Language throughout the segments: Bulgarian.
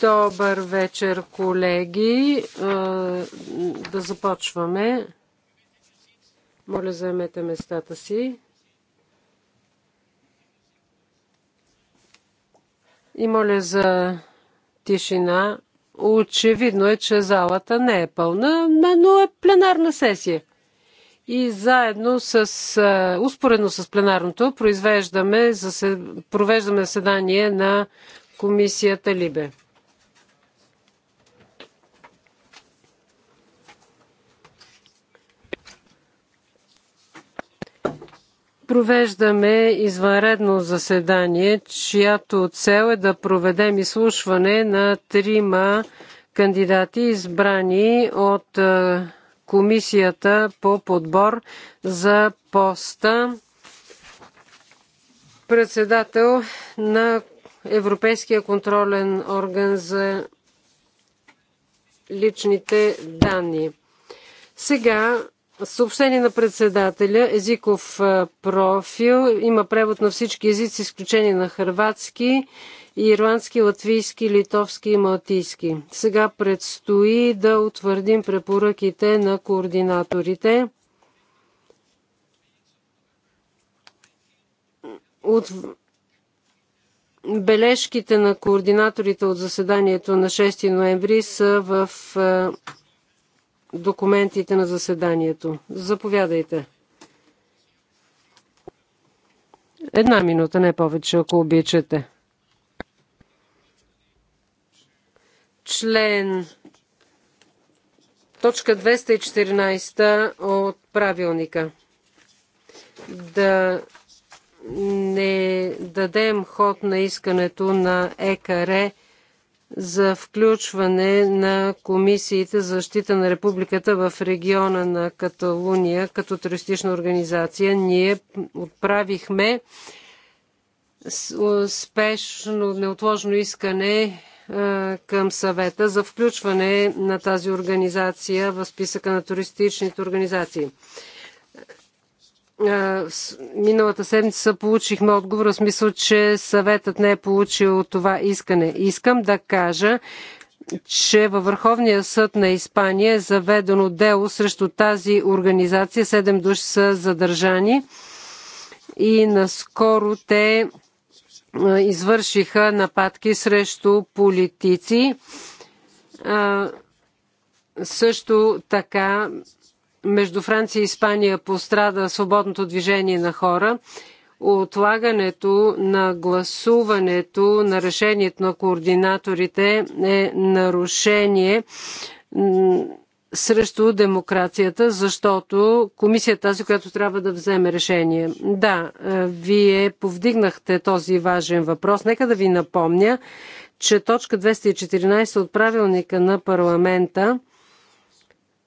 Добър вечер, колеги. Е, да започваме. Моля, заемете местата си. И моля за тишина. Очевидно е, че залата не е пълна, но е пленарна сесия и заедно с, успоредно с пленарното, произвеждаме, провеждаме заседание на комисията Либе. провеждаме извънредно заседание, чиято цел е да проведем изслушване на трима кандидати, избрани от комисията по подбор за поста председател на Европейския контролен орган за личните данни. Сега съобщение на председателя, езиков профил, има превод на всички езици, изключение на хрватски ирландски, латвийски, литовски и малтийски. Сега предстои да утвърдим препоръките на координаторите. От бележките на координаторите от заседанието на 6 ноември са в е, документите на заседанието. Заповядайте. Една минута, не повече, ако обичате. член точка 214 от правилника. Да не дадем ход на искането на ЕКАРЕ за включване на комисиите за защита на републиката в региона на Каталуния като терористична организация. Ние отправихме спешно, неотложно искане е, към съвета за включване на тази организация в списъка на туристичните организации. Е, миналата седмица получихме отговор в смисъл, че съветът не е получил това искане. Искам да кажа, че във Върховния съд на Испания е заведено дело срещу тази организация. Седем души са задържани и наскоро те извършиха нападки срещу политици. Също така между Франция и Испания пострада свободното движение на хора. Отлагането на гласуването на решението на координаторите е нарушение срещу демокрацията, защото комисия е тази, която трябва да вземе решение. Да, е, вие повдигнахте този важен въпрос. Нека да ви напомня, че точка 214 от правилника на парламента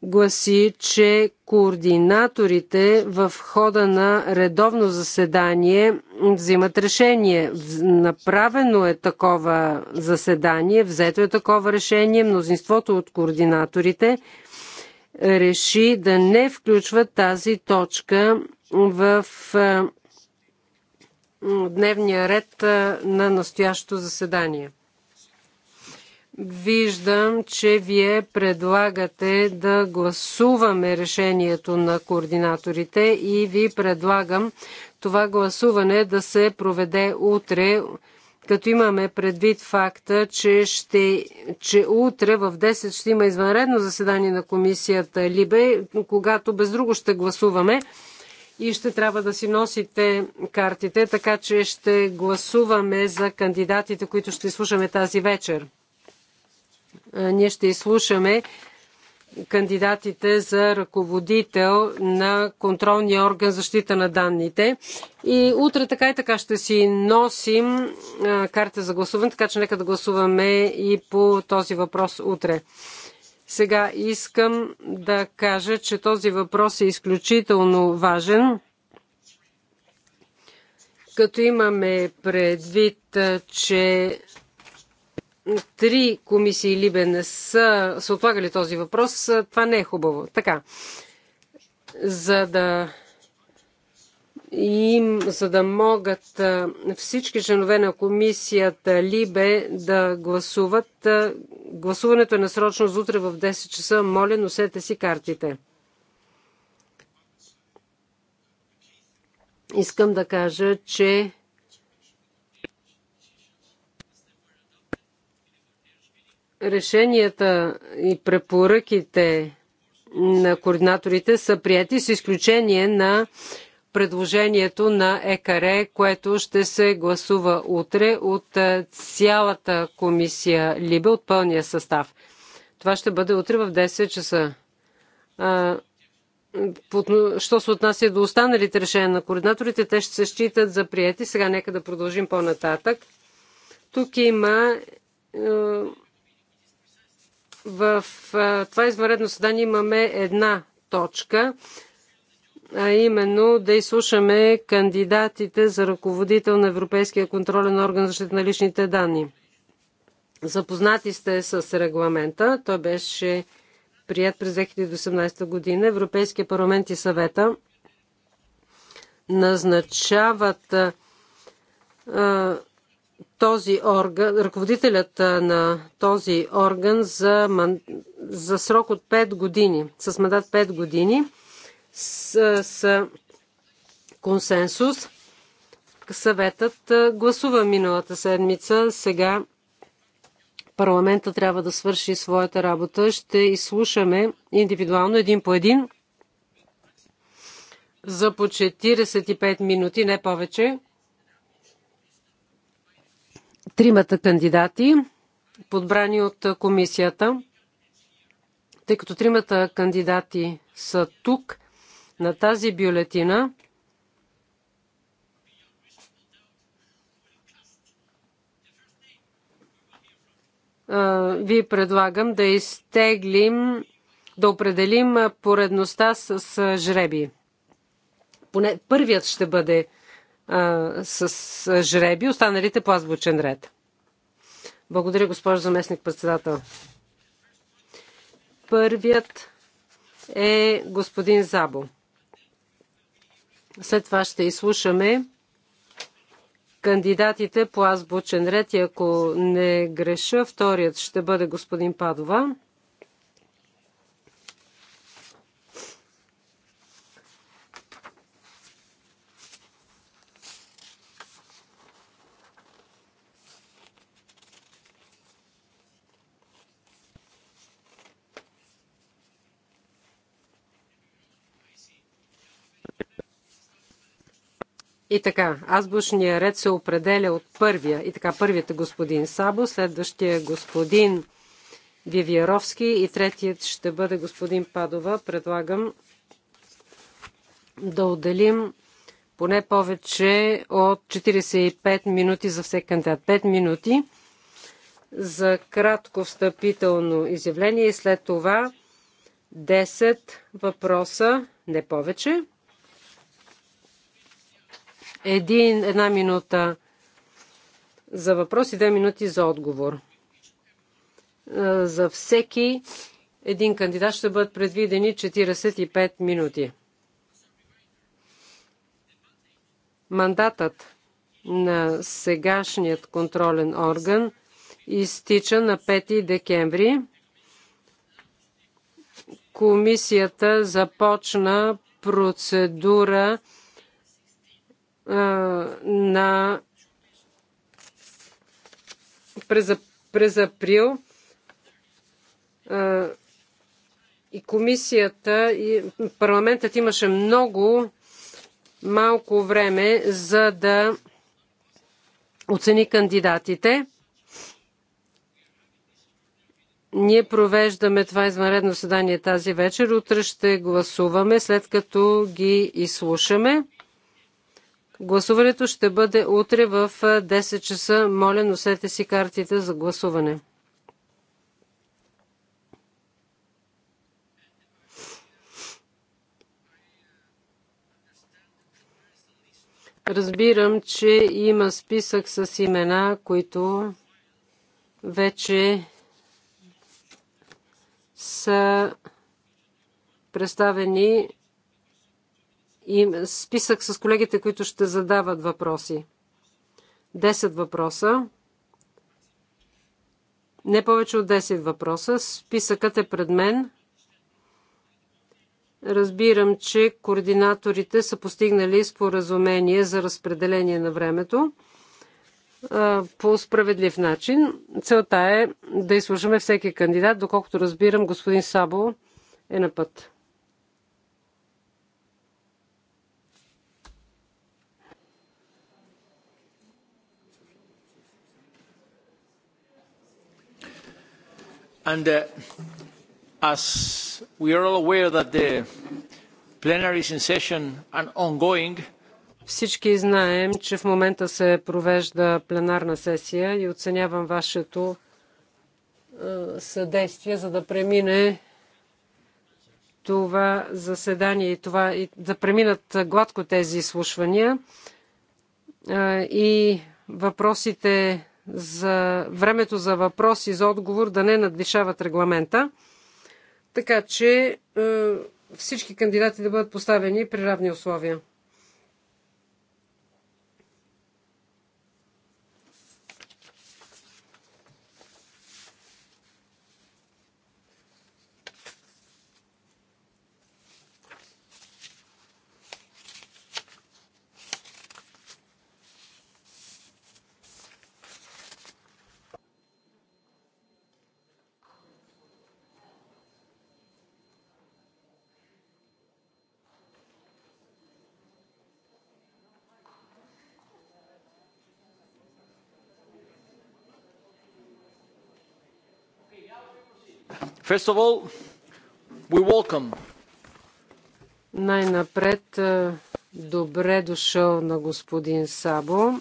гласи, че координаторите в хода на редовно заседание взимат решение. Направено е такова заседание, взето е такова решение, мнозинството от координаторите – реши да не включва тази точка в дневния ред на настоящото заседание. Виждам, че вие предлагате да гласуваме решението на координаторите и ви предлагам това гласуване да се проведе утре като имаме предвид факта, че, ще, че утре в 10 ще има извънредно заседание на комисията Либе, когато без друго ще гласуваме и ще трябва да си носите картите, така че ще гласуваме за кандидатите, които ще изслушаме тази вечер. Ние ще изслушаме кандидатите за ръководител на контролния орган защита на данните. И утре така и така ще си носим карта за гласуване, така че нека да гласуваме и по този въпрос утре. Сега искам да кажа, че този въпрос е изключително важен като имаме предвид, че три комисии Либе не са, са отлагали този въпрос, това не е хубаво. Така, за да им, за да могат всички членове на комисията Либе да гласуват. Гласуването е насрочно за утре в 10 часа. Моля, носете си картите. Искам да кажа, че решенията и препоръките на координаторите са прияти с изключение на предложението на ЕКАРЕ, което ще се гласува утре от е, цялата комисия Либе, от пълния състав. Това ще бъде утре в 10 часа. Що се отнася до останалите решения на координаторите, те ще се считат за прияти. Сега нека да продължим по-нататък. Тук има е, в това извънредно съдание имаме една точка, а именно да изслушаме кандидатите за ръководител на Европейския контролен орган за защита на личните данни. Запознати сте с регламента. Той беше прият през 2018 година. Европейския парламент и съвета назначават този орган, ръководителят на този орган за, ман, за срок от 5 години, с мандат 5 години, с, с консенсус. Съветът гласува миналата седмица. Сега парламента трябва да свърши своята работа. Ще изслушаме индивидуално, един по един, за по 45 минути, не повече тримата кандидати, подбрани от комисията. Тъй като тримата кандидати са тук, на тази бюлетина, ви предлагам да изтеглим, да определим поредността с жреби. Поне първият ще бъде а, с жреби, останалите по азбучен ред. Благодаря, госпожо заместник председател. Първият е господин Забо. След това ще изслушаме кандидатите по азбучен ред и ако не греша, вторият ще бъде господин Падова. И така, азбучния ред се определя от първия. И така, първият е господин Сабо, следващия е господин Вивиеровски и третият ще бъде господин Падова. Предлагам да отделим поне повече от 45 минути за всеки кандидат. 5 минути за кратко встъпително изявление и след това 10 въпроса, не повече. Един, една минута за въпрос и две минути за отговор. Е, за всеки един кандидат ще бъдат предвидени 45 минути. Мандатът на сегашният контролен орган изтича на 5 декември. Комисията започна процедура на през, през април а, и комисията и парламентът имаше много малко време за да оцени кандидатите. Ние провеждаме това извънредно съдание тази вечер. Утре ще гласуваме, след като ги изслушаме. Гласуването ще бъде утре в 10 часа. Моля, носете си картите за гласуване. Разбирам, че има списък с имена, които вече са представени и списък с колегите, които ще задават въпроси. Десет въпроса. Не повече от 10 въпроса. Списъкът е пред мен. Разбирам, че координаторите са постигнали споразумение за разпределение на времето по справедлив начин. Целта е да изслушаме всеки кандидат. Доколкото разбирам, господин Сабо е на път. Uh, as we are all aware that the plenary is in session and ongoing, всички знаем, че в момента се провежда пленарна сесия и оценявам вашето е, съдействие, за да премине това заседание и, това, и да преминат гладко тези изслушвания е, и въпросите за времето за въпрос и за отговор да не надвишават регламента, така че е, всички кандидати да бъдат поставени при равни условия. First of all, we welcome. Най-напред е, добре дошъл на господин Сабо.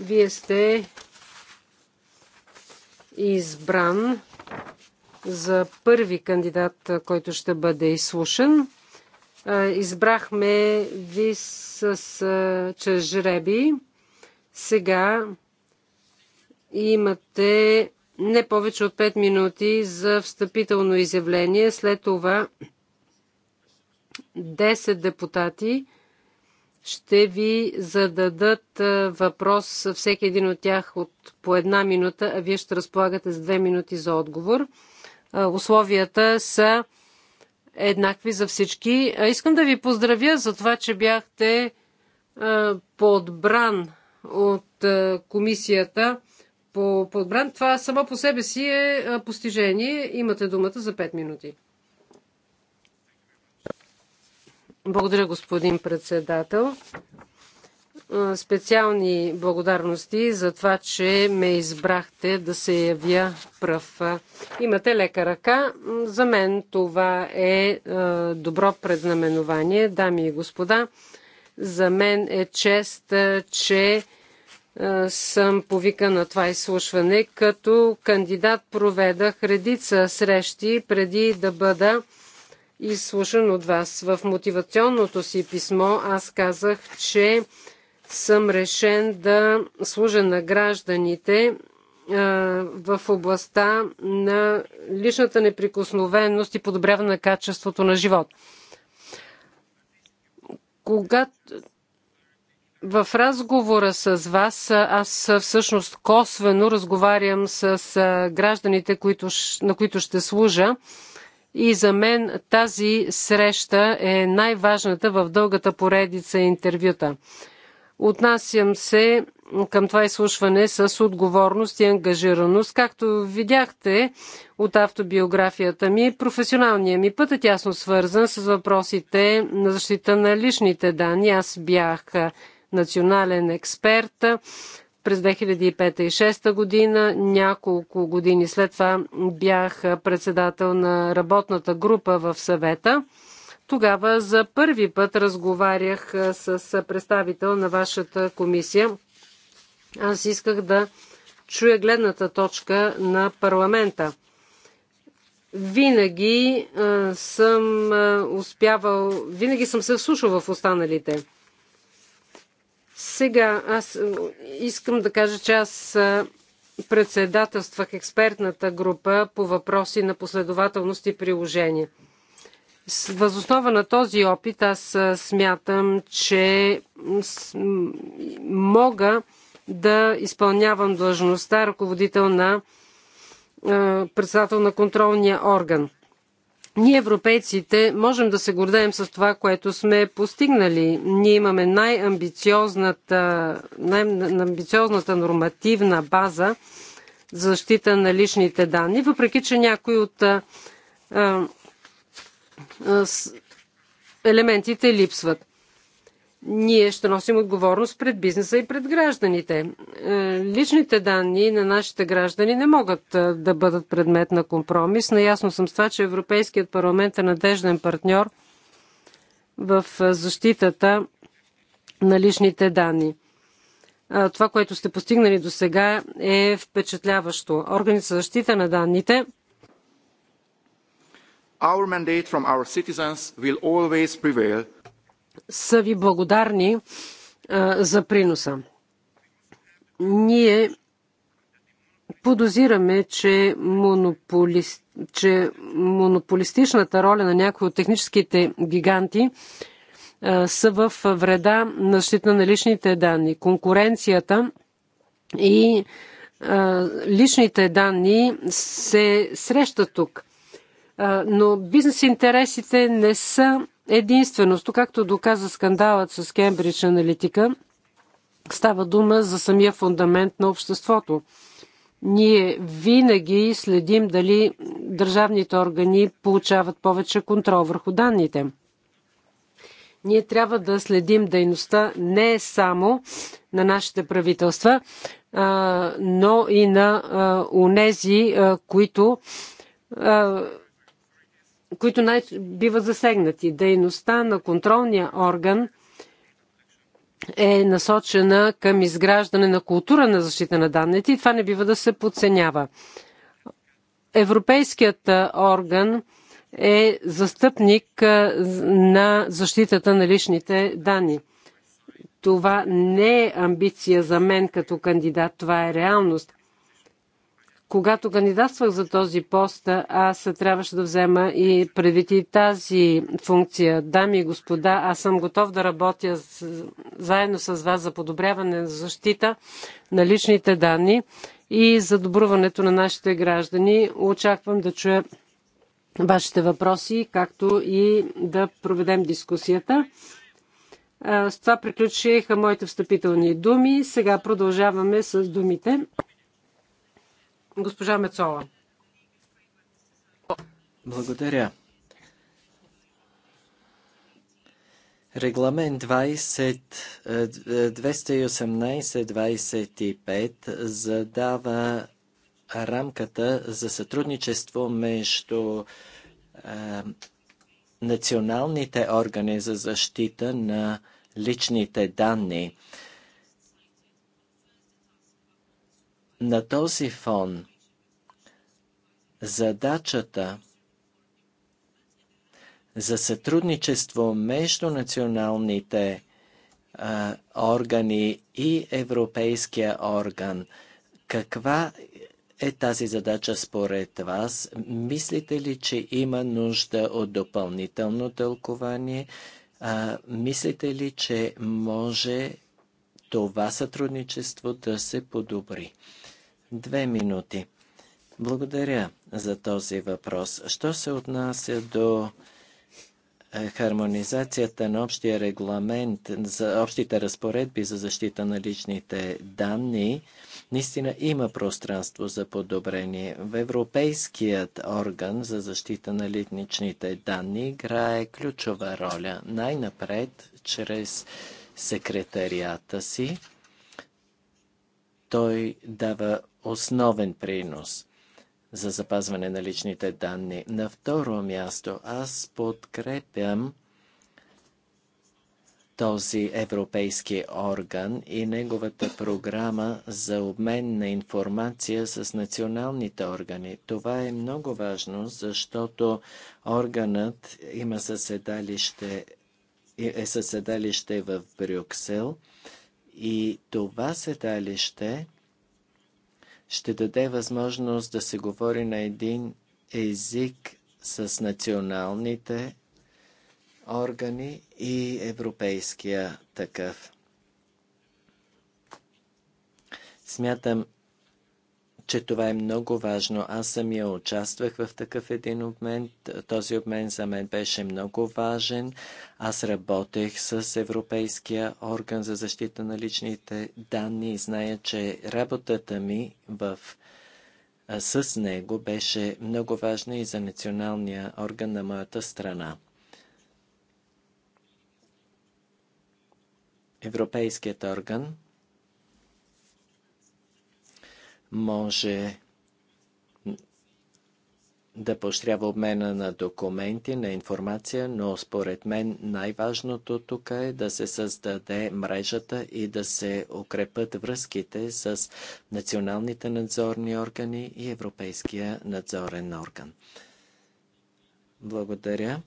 Вие сте избран за първи кандидат, е, който ще бъде изслушан. Е, избрахме ви с, чрез жреби. Сега Имате не повече от 5 минути за встъпително изявление. След това 10 депутати ще ви зададат въпрос, всеки един от тях от по една минута, а вие ще разполагате с две минути за отговор. Условията са еднакви за всички. Искам да ви поздравя за това, че бяхте подбран от комисията по подбран. Това само по себе си е постижение. Имате думата за 5 минути. Благодаря, господин председател. Специални благодарности за това, че ме избрахте да се явя пръв. Имате лека ръка. За мен това е добро преднаменование, дами и господа. За мен е чест, че е, съм повикана на това изслушване. Като кандидат проведах редица срещи преди да бъда изслушан от вас. В мотивационното си писмо аз казах, че съм решен да служа на гражданите е, в областта на личната неприкосновеност и подобряване на качеството на живот. Когато в разговора с вас аз всъщност косвено разговарям с гражданите, които, на които ще служа. И за мен тази среща е най-важната в дългата поредица интервюта. Отнасям се към това изслушване с отговорност и ангажираност. Както видяхте от автобиографията ми, професионалният ми път е тясно свързан с въпросите на защита на личните данни. Аз бях национален експерт през 2005 и 2006 година. Няколко години след това бях председател на работната група в съвета. Тогава за първи път разговарях с представител на вашата комисия. Аз исках да чуя гледната точка на парламента. Винаги съм успявал, винаги съм се вслушал в останалите. Сега аз искам да кажа, че аз председателствах експертната група по въпроси на последователност и приложение. Възоснова на този опит аз смятам, че мога да изпълнявам длъжността ръководител на председател на контролния орган. Ние, европейците, можем да се гордеем с това, което сме постигнали. Ние имаме най-амбициозната, най-амбициозната нормативна база за защита на личните данни, въпреки че някои от а, а, елементите липсват ние ще носим отговорност пред бизнеса и пред гражданите. Е, личните данни на нашите граждани не могат е, да бъдат предмет на компромис. Наясно съм с това, че Европейският парламент е надежден партньор в е, защитата на личните данни. Това, което сте постигнали до сега е впечатляващо. Органите за защита на данните Our mandate from our citizens will always prevail – са ви благодарни за приноса. Ние подозираме, че, монополи... че монополистичната роля на някои от техническите гиганти са в вреда на защита на личните данни. Конкуренцията и личните данни се срещат тук. Но бизнес интересите не са единственото. Както доказа скандалът с Кембридж аналитика, става дума за самия фундамент на обществото. Ние винаги следим дали държавните органи получават повече контрол върху данните. Ние трябва да следим дейността не само на нашите правителства, но и на унези, които които най- биват засегнати. Дейността на контролния орган е насочена към изграждане на култура на защита на данните и това не бива да се подценява. Европейският орган е застъпник на защитата на личните данни. Това не е амбиция за мен като кандидат, това е реалност когато кандидатствах за този пост, аз трябваше да взема и предвид и тази функция. Дами и господа, аз съм готов да работя с, заедно с вас за подобряване на защита на личните данни и за добруването на нашите граждани. Очаквам да чуя вашите въпроси, както и да проведем дискусията. С това приключиха моите встъпителни думи. Сега продължаваме с думите Госпожа Мецова. Благодаря. Регламент 218-25 е, е, задава рамката за сътрудничество между е, националните органи за защита на личните данни. На този фон задачата за сътрудничество между националните а, органи и Европейския орган. Каква е тази задача според вас? Мислите ли, че има нужда от допълнително тълкование? А, мислите ли, че може това сътрудничество да се подобри? Две минути. Благодаря за този въпрос. Що се отнася до е, хармонизацията на общия регламент за общите разпоредби за защита на личните данни, наистина има пространство за подобрение. В Европейският орган за защита на личните данни играе ключова роля. Най-напред, чрез секретарията си, той дава основен принос за запазване на личните данни. На второ място аз подкрепям този европейски орган и неговата програма за обмен на информация с националните органи. Това е много важно, защото органът има съседалище, е съседалище в Брюксел и това седалище ще даде възможност да се говори на един език с националните органи и европейския такъв. Смятам, че това е много важно. Аз самия участвах в такъв един обмен. Този обмен за мен беше много важен. Аз работех с Европейския орган за защита на личните данни и зная, че работата ми в с него беше много важна и за националния орган на моята страна. Европейският орган може да поощрява обмена на документи, на информация, но според мен най-важното тук е да се създаде мрежата и да се укрепат връзките с националните надзорни органи и Европейския надзорен орган. Благодаря.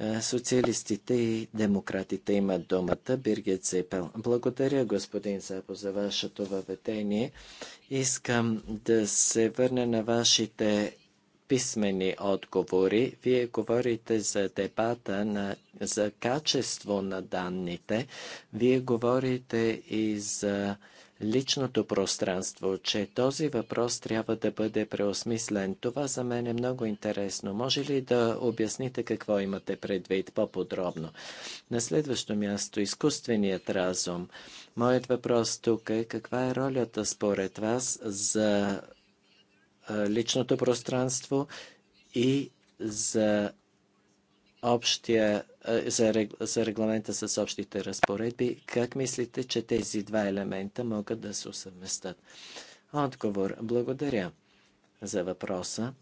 Е, социалистите и демократите имат думата. Биргит Цепел. Благодаря, господин Запо, за вашето въведение. Искам да се върна на вашите писмени отговори. Вие говорите за дебата на, за качество на данните. Вие говорите и за личното пространство, че този въпрос трябва да бъде преосмислен. Това за мен е много интересно. Може ли да обясните какво имате предвид по-подробно? На следващо място, изкуственият разум. Моят въпрос тук е каква е ролята според вас за личното пространство и за общия е, за, за регламента с общите разпоредби. Как мислите, че тези два елемента могат да се усъвместят? Отговор. Благодаря за въпроса.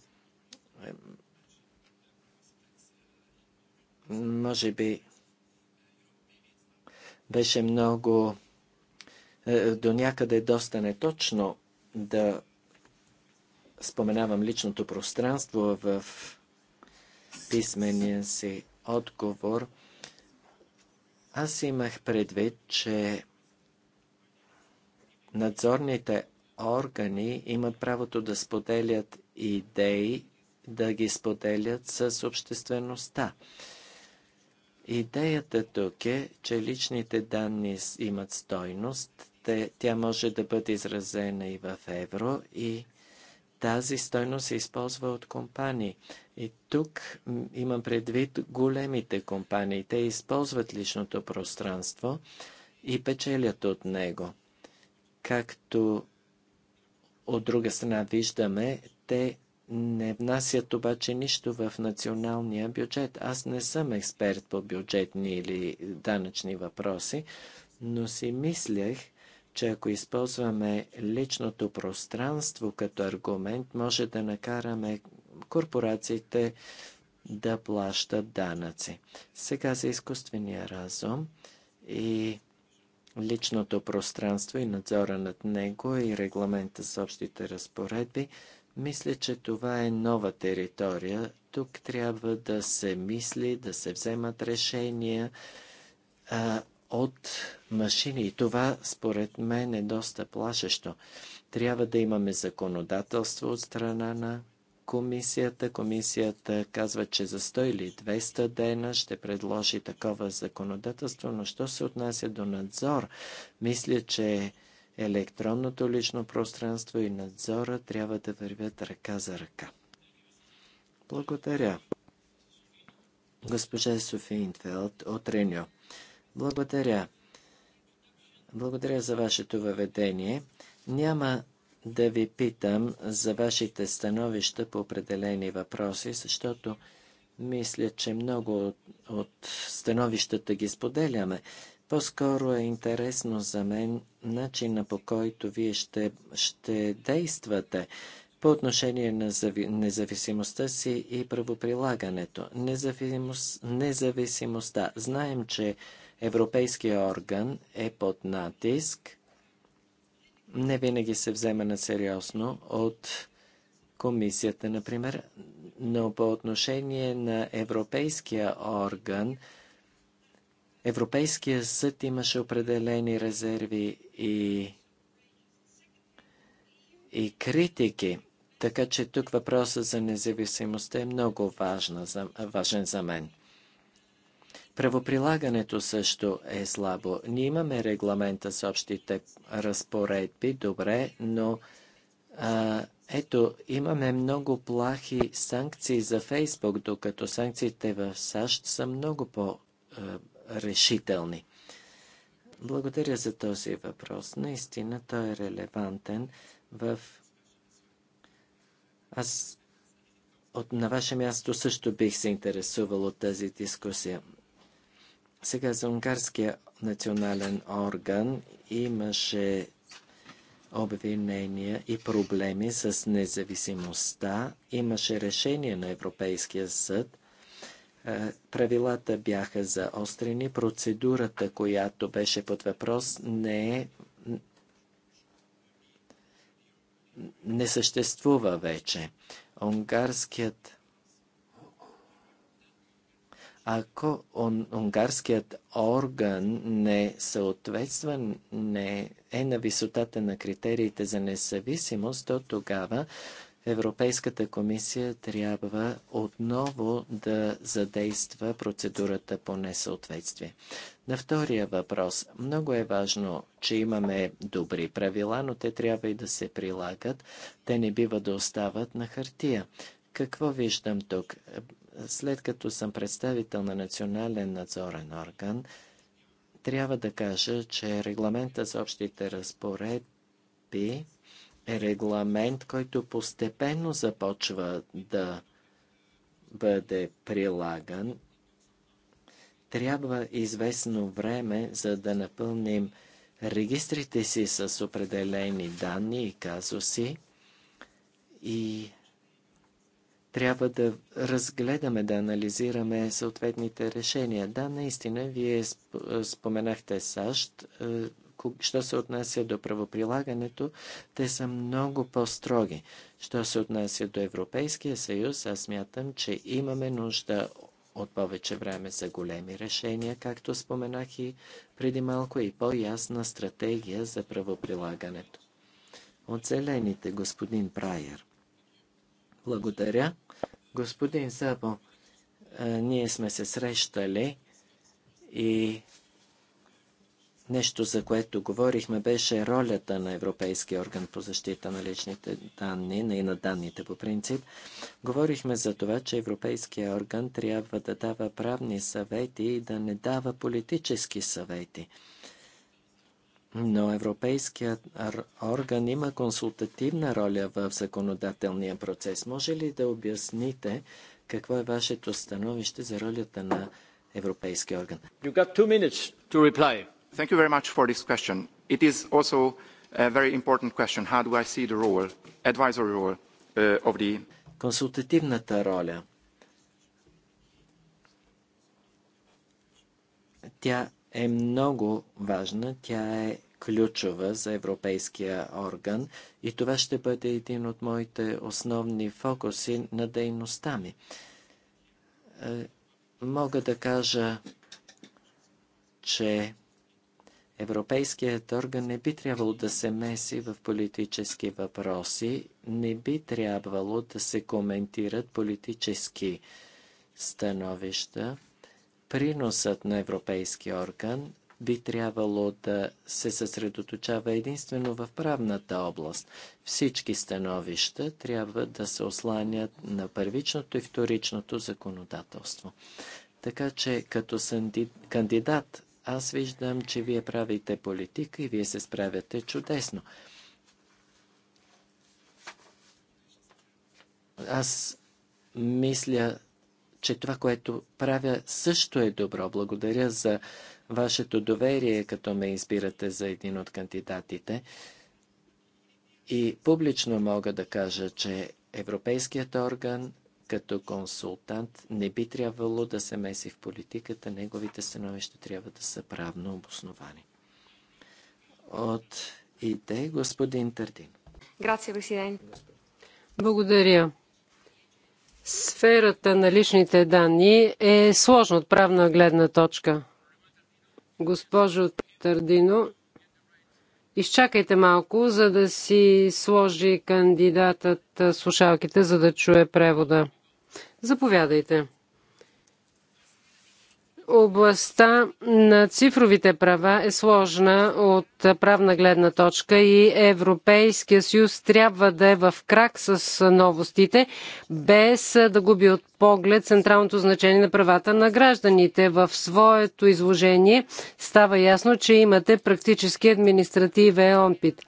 Може би беше много е, до някъде доста неточно да споменавам личното пространство в писмения си отговор. Аз имах предвид, че надзорните органи имат правото да споделят идеи, да ги споделят с обществеността. Идеята тук е, че личните данни имат стойност, те, тя може да бъде изразена и в евро, и тази стойност се използва от компании. И тук имам предвид големите компании. Те използват личното пространство и печелят от него. Както от друга страна виждаме, те не внасят обаче нищо в националния бюджет. Аз не съм експерт по бюджетни или данъчни въпроси, но си мислех, че ако използваме личното пространство като аргумент, може да накараме корпорациите да плащат данъци. Сега за изкуствения разум и личното пространство и надзора над него и регламента с общите разпоредби, мисля, че това е нова територия. Тук трябва да се мисли, да се вземат решения от машини. И това, според мен, е доста плашещо. Трябва да имаме законодателство от страна на комисията. Комисията казва, че за 100 или 200 дена ще предложи такова законодателство, но що се отнася до надзор, мисля, че електронното лично пространство и надзора трябва да вървят ръка за ръка. Благодаря. Госпожа Софи Инфелд от Реньо. Благодаря. Благодаря за вашето въведение. Няма да ви питам за вашите становища по определени въпроси, защото мисля, че много от становищата ги споделяме. По-скоро е интересно за мен начина по който вие ще, ще действате по отношение на независимостта си и правоприлагането. Независимост, независимостта. Знаем, че Европейския орган е под натиск. Не винаги се взема на сериозно от комисията, например, но по отношение на Европейския орган, Европейския съд имаше определени резерви и, и критики. Така че тук въпросът за независимостта е много важна, за, важен за мен. Правоприлагането също е слабо. Ние имаме регламента с общите разпоредби, добре, но а, ето, имаме много плахи санкции за Фейсбук, докато санкциите в САЩ са много по-решителни. Благодаря за този въпрос. Наистина той е релевантен в аз от, на ваше място също бих се интересувал от тази дискусия. Сега за унгарския национален орган имаше обвинения и проблеми с независимостта. Имаше решение на Европейския съд. Е, правилата бяха заострени. Процедурата, която беше под въпрос, не е не съществува вече. Унгарският ако он, унгарският орган не съответства, не е на висотата на критериите за независимост, то тогава Европейската комисия трябва отново да задейства процедурата по несъответствие. На втория въпрос. Много е важно, че имаме добри правила, но те трябва и да се прилагат. Те не бива да остават на хартия. Какво виждам тук? След като съм представител на национален надзорен орган, трябва да кажа, че регламента за общите разпоредби регламент, който постепенно започва да бъде прилаган. Трябва известно време, за да напълним регистрите си с определени данни и казуси и трябва да разгледаме, да анализираме съответните решения. Да, наистина, вие споменахте САЩ. Е, що се отнася до правоприлагането, те са много по-строги. Що се отнася до Европейския съюз, аз мятам, че имаме нужда от повече време за големи решения, както споменах и преди малко, и по-ясна стратегия за правоприлагането. От зелените, господин Прайер. Благодаря. Господин Сабо, ние сме се срещали и Нещо, за което говорихме, беше ролята на Европейския орган по защита на личните данни и на данните по принцип. Говорихме за това, че Европейския орган трябва да дава правни съвети и да не дава политически съвети. Но Европейският орган има консултативна роля в законодателния процес. Може ли да обясните какво е вашето становище за ролята на Европейския орган? You got two minutes to reply. Thank you very much for this question. It is also a very important question. How do I see the role, advisory role uh, of the... Консултативната роля. Тя е много важна, тя е ключова за Европейския орган и това ще бъде един от моите основни фокуси на дейността ми. Е, мога да кажа, че Европейският орган не би трябвало да се меси в политически въпроси, не би трябвало да се коментират политически становища. Приносът на Европейския орган би трябвало да се съсредоточава единствено в правната област. Всички становища трябва да се осланят на първичното и вторичното законодателство. Така че като кандидат аз виждам, че вие правите политика и вие се справяте чудесно. Аз мисля, че това, което правя, също е добро. Благодаря за вашето доверие, като ме избирате за един от кандидатите. И публично мога да кажа, че Европейският орган като консултант не би трябвало да се меси в политиката, неговите становища трябва да са правно обосновани. От ИДЕ господин Тардин. Грация, президент. Благодаря. Сферата на личните данни е сложна от правна гледна точка. Госпожо Тардино, изчакайте малко, за да си сложи кандидатът слушалките, за да чуе превода. Заповядайте. Областта на цифровите права е сложна от правна гледна точка и Европейския съюз трябва да е в крак с новостите, без да губи от поглед централното значение на правата на гражданите. В своето изложение става ясно, че имате практически административен опит.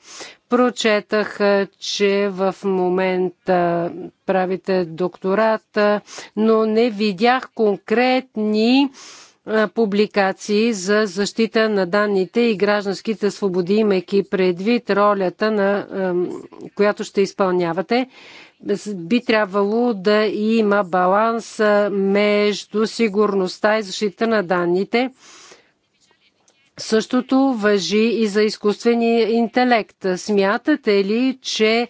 Прочетах, че в момента правите доктората, но не видях конкретни публикации за защита на данните и гражданските свободи, имайки предвид ролята, на, която ще изпълнявате. Би трябвало да има баланс между сигурността и защита на данните. Същото въжи и за изкуствения интелект. Смятате ли, че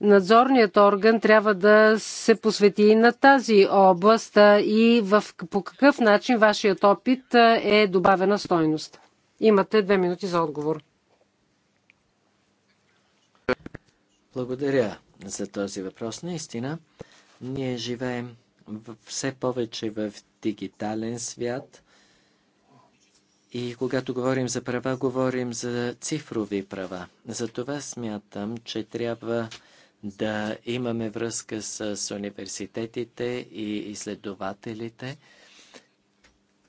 надзорният орган трябва да се посвети на тази област и в, по какъв начин вашият опит е добавена стойност? Имате две минути за отговор. Благодаря за този въпрос. Наистина, ние живеем все повече в дигитален свят. И когато говорим за права, говорим за цифрови права. Затова смятам, че трябва да имаме връзка с университетите и изследователите.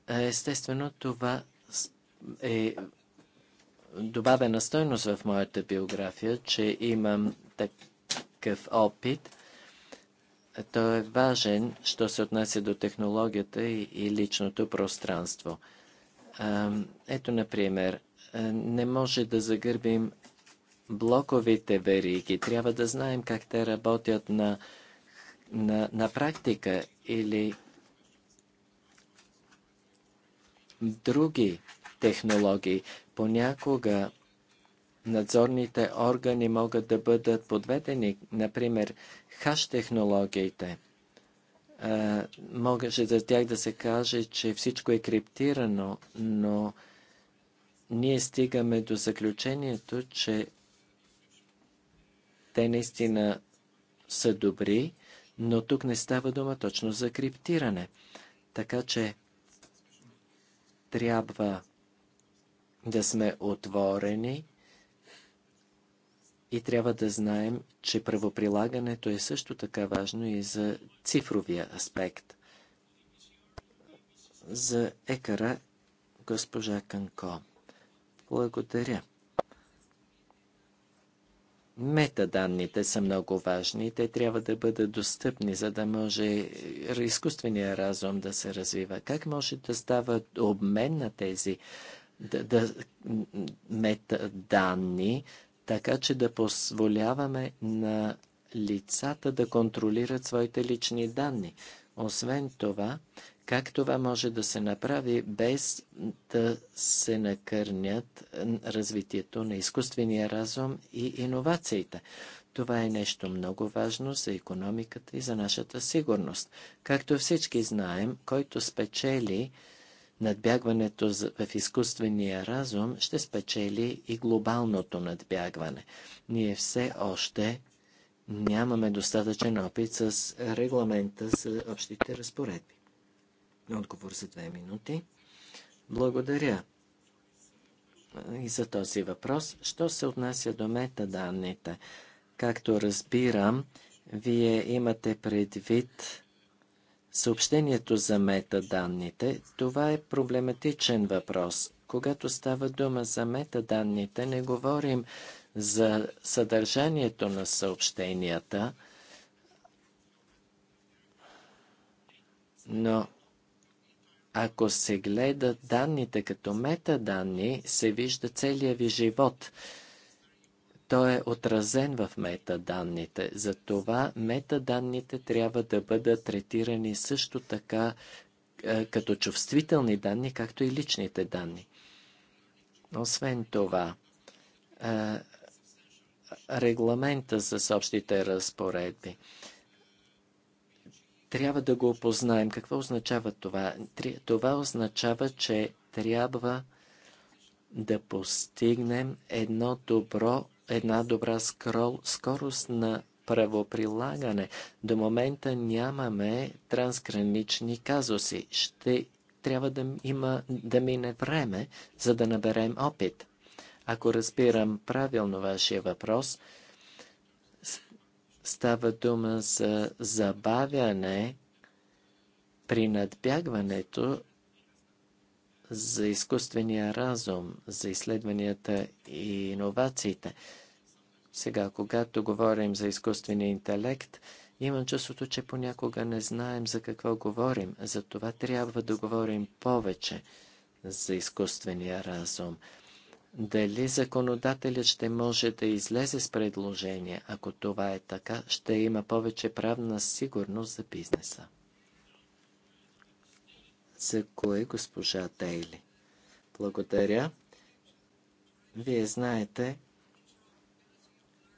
Естествено, това е добавена стойност в моята биография, че имам такъв опит. Той е важен, що се отнася до технологията и личното пространство. Ето, например, не може да загърбим блоковите вериги. Трябва да знаем как те работят на, на, на практика или други технологии. Понякога надзорните органи могат да бъдат подведени, например, хаш технологиите – е, Могаше за тях да се каже, че всичко е криптирано, но ние стигаме до заключението, че те наистина са добри, но тук не става дума точно за криптиране. Така че трябва да сме отворени и трябва да знаем, че правоприлагането е също така важно и за цифровия аспект. За екара госпожа Канко. Благодаря. Метаданните са много важни. Те трябва да бъдат достъпни, за да може изкуственият разум да се развива. Как може да става обмен на тези да, да, метаданни така че да позволяваме на лицата да контролират своите лични данни. Освен това, как това може да се направи без да се накърнят развитието на изкуствения разум и иновациите? Това е нещо много важно за економиката и за нашата сигурност. Както всички знаем, който спечели надбягването в изкуствения разум ще спечели и глобалното надбягване. Ние все още нямаме достатъчен опит с регламента за общите разпоредби. Отговор за две минути. Благодаря и за този въпрос. Що се отнася до метаданните? Както разбирам, вие имате предвид Съобщението за метаданните – това е проблематичен въпрос. Когато става дума за метаданните, не говорим за съдържанието на съобщенията, но ако се гледат данните като метаданни, се вижда целия ви живот – той е отразен в метаданните. Затова метаданните трябва да бъдат третирани също така е, като чувствителни данни, както и личните данни. Освен това, е, регламента за общите разпоредби трябва да го опознаем. Какво означава това? Това означава, че трябва да постигнем едно добро една добра скрол, скорост на правоприлагане. До момента нямаме трансгранични казуси. Ще трябва да, има, да мине време, за да наберем опит. Ако разбирам правилно вашия въпрос, става дума за забавяне при надбягването за изкуствения разум, за изследванията и иновациите. Сега, когато говорим за изкуствения интелект, имам чувството, че понякога не знаем за какво говорим. За това трябва да говорим повече за изкуствения разум. Дали законодателят ще може да излезе с предложение, ако това е така, ще има повече правна сигурност за бизнеса за кое госпожа Дейли. Благодаря. Вие знаете,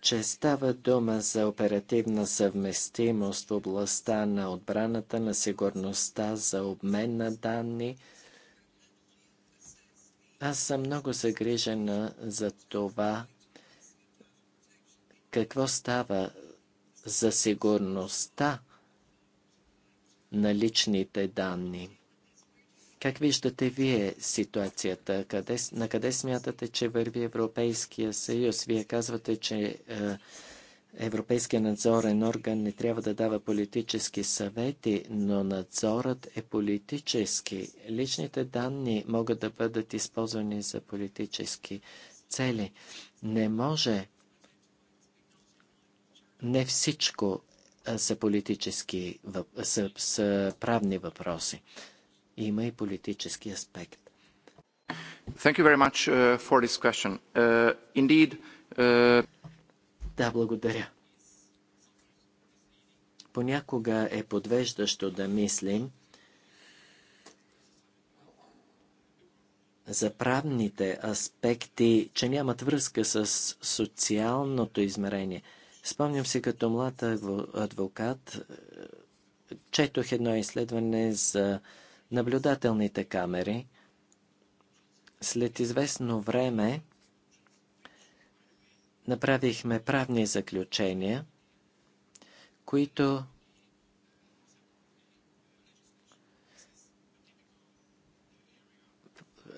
че става дума за оперативна съвместимост в областта на отбраната, на сигурността, за обмен на данни. Аз съм много загрижена за това, какво става за сигурността на личните данни. Как виждате вие ситуацията? Къде, на къде смятате, че върви Европейския съюз? Вие казвате, че е, Европейския надзорен орган не трябва да дава политически съвети, но надзорът е политически. Личните данни могат да бъдат използвани за политически цели. Не може не всичко са политически, са, са правни въпроси има и политически аспект. Thank you very much uh, for this question. Uh, indeed, uh... Да, благодаря. Понякога е подвеждащо да мислим за правните аспекти, че нямат връзка с социалното измерение. Спомням си като млад адвокат, э, четох едно изследване за наблюдателните камери. След известно време направихме правни заключения, които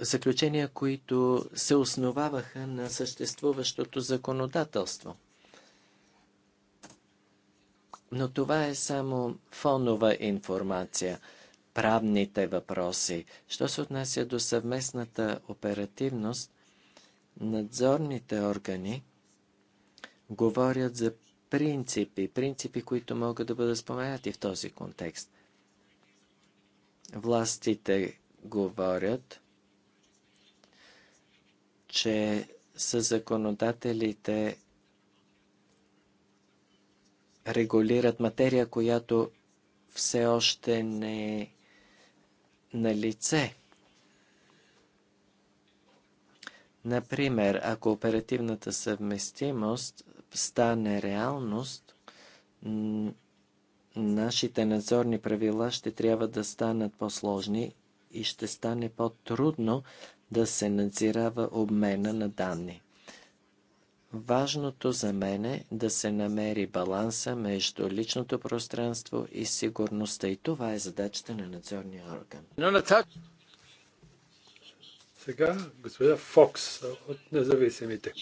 заключения, които се основаваха на съществуващото законодателство. Но това е само фонова информация – правните въпроси. Що се отнася до съвместната оперативност, надзорните органи говорят за принципи, принципи, които могат да бъдат споменати в този контекст. Властите говорят, че са законодателите регулират материя, която все още не е на лице. Например, ако оперативната съвместимост стане реалност, нашите надзорни правила ще трябва да станат по-сложни и ще стане по-трудно да се надзирава обмена на данни. Важното за мен е да се намери баланса между личното пространство и сигурността. И това е задачата на надзорния орган. Сега господа Фокс от независимите.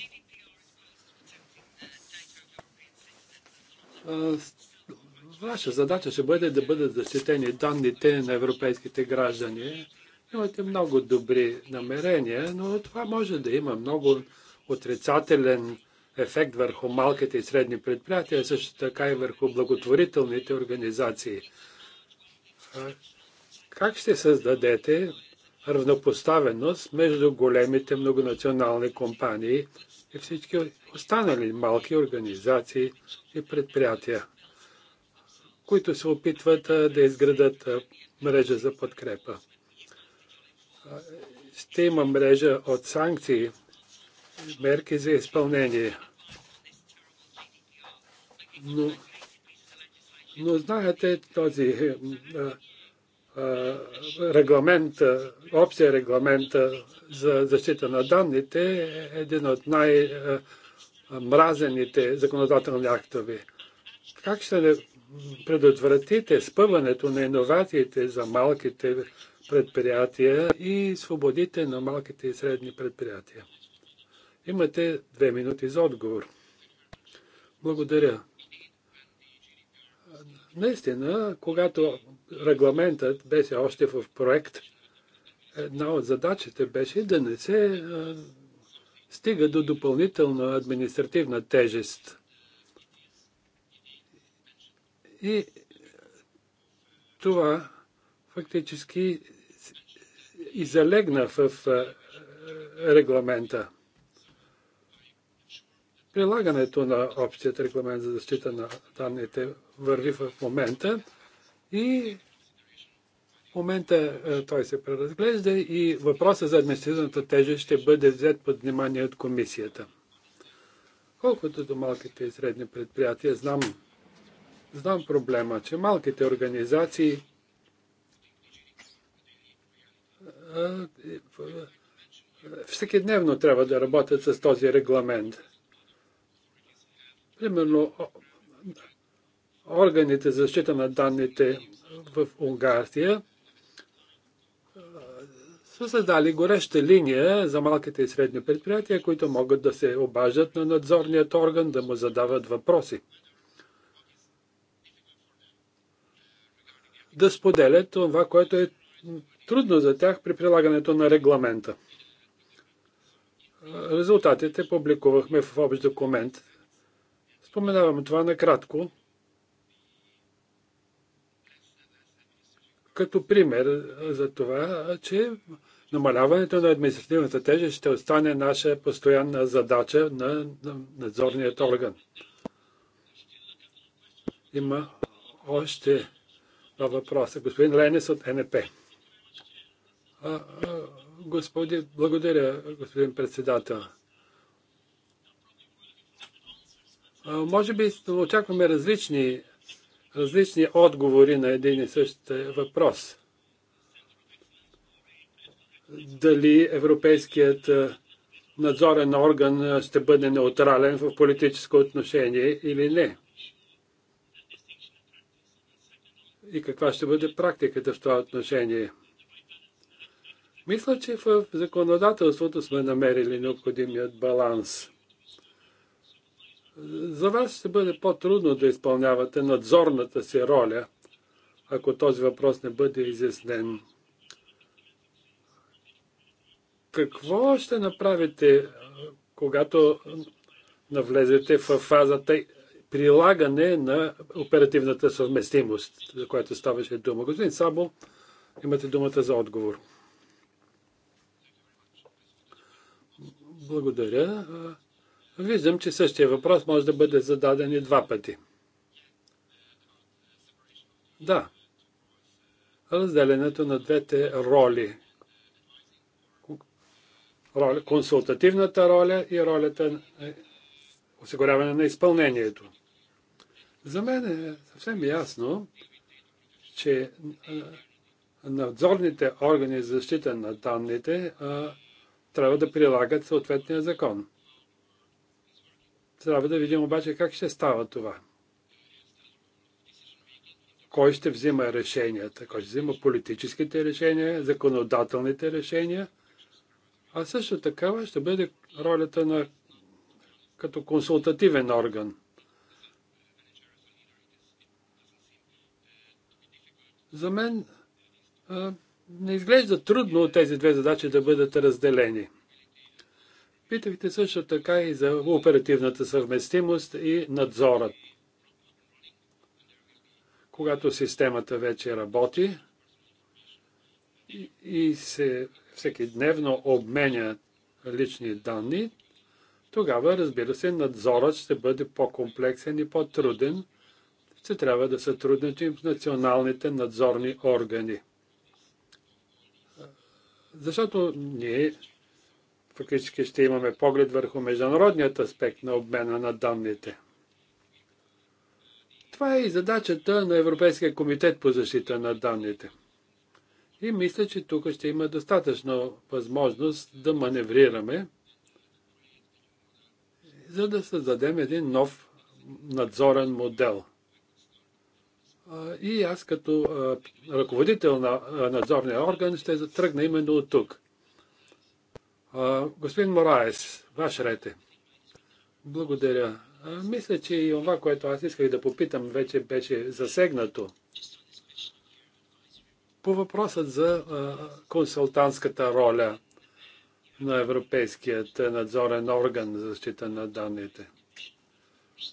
Ваша задача ще бъде да бъдат защитени данните на европейските граждани. Имате много добри намерения, но това може да има много отрицателен ефект върху малките и средни предприятия, също така и върху благотворителните организации. Как ще създадете равнопоставеност между големите многонационални компании и всички останали малки организации и предприятия, които се опитват да изградат мрежа за подкрепа? Ще има мрежа от санкции мерки за изпълнение. Но, но знаете, този а, а, регламент, общия регламент за защита на данните е един от най-мразените законодателни актове. Как ще предотвратите спъването на иновациите за малките предприятия и свободите на малките и средни предприятия? Имате две минути за отговор. Благодаря. Наистина, когато регламентът беше още в проект, една от задачите беше да не се стига до допълнителна административна тежест. И това фактически и залегна в регламента. Прилагането на общият регламент за защита на данните върви в момента и в момента е, той се преразглежда и въпросът за административната тежест ще бъде взет под внимание от комисията. Колкото до малките и средни предприятия, знам, знам проблема, че малките организации е, е, всеки дневно трябва да работят с този регламент. Примерно, органите за защита на данните в Унгария са създали гореща линия за малките и средни предприятия, които могат да се обаждат на надзорният орган, да му задават въпроси. Да споделят това, което е трудно за тях при прилагането на регламента. Резултатите публикувахме в общ документ Споменавам това накратко. Като пример за това, че намаляването на административната тежест ще остане наша постоянна задача на надзорният орган. Има още два въпроса. Господин Ленес от НП. А, а, господи, благодаря, господин председател. Може би очакваме различни, различни отговори на един и същ е, въпрос. Дали европейският е, надзорен орган е, ще бъде неутрален в политическо отношение или не. И каква ще бъде практиката в това отношение. Мисля, че в законодателството сме намерили необходимият баланс за вас ще бъде по-трудно да изпълнявате надзорната си роля, ако този въпрос не бъде изяснен. Какво ще направите, когато навлезете в фазата прилагане на оперативната съвместимост, за която ставаше дума? Господин Сабо, имате думата за отговор. Благодаря. Виждам, че същия въпрос може да бъде зададен и два пъти. Да. Разделянето на двете роли. роли консултативната роля и ролята на е, осигуряване на изпълнението. За мен е съвсем ясно, че е, надзорните органи за защита на данните а, е, трябва да прилагат съответния закон. Трябва да видим обаче как ще става това. Кой ще взима решенията? Кой ще взима политическите решения, законодателните решения? А също такава ще бъде ролята на като консултативен орган. За мен а, не изглежда трудно тези две задачи да бъдат разделени. Питахте също така и за оперативната съвместимост и надзорът. Когато системата вече работи и се всеки дневно обменя лични данни, тогава, разбира се, надзорът ще бъде по-комплексен и по-труден. Ще трябва да сътрудничим с националните надзорни органи. Защото ние Фактически ще имаме поглед върху международният аспект на обмена на данните. Това е и задачата на Европейския комитет по защита на данните. И мисля, че тук ще има достатъчно възможност да маневрираме, за да създадем един нов надзорен модел. И аз като ръководител на надзорния орган ще затръгна именно от тук. Господин Мораес, ваш ред е. Благодаря. Мисля, че и това, което аз исках да попитам, вече беше засегнато. По въпросът за консултантската роля на Европейският надзорен орган за защита на данните.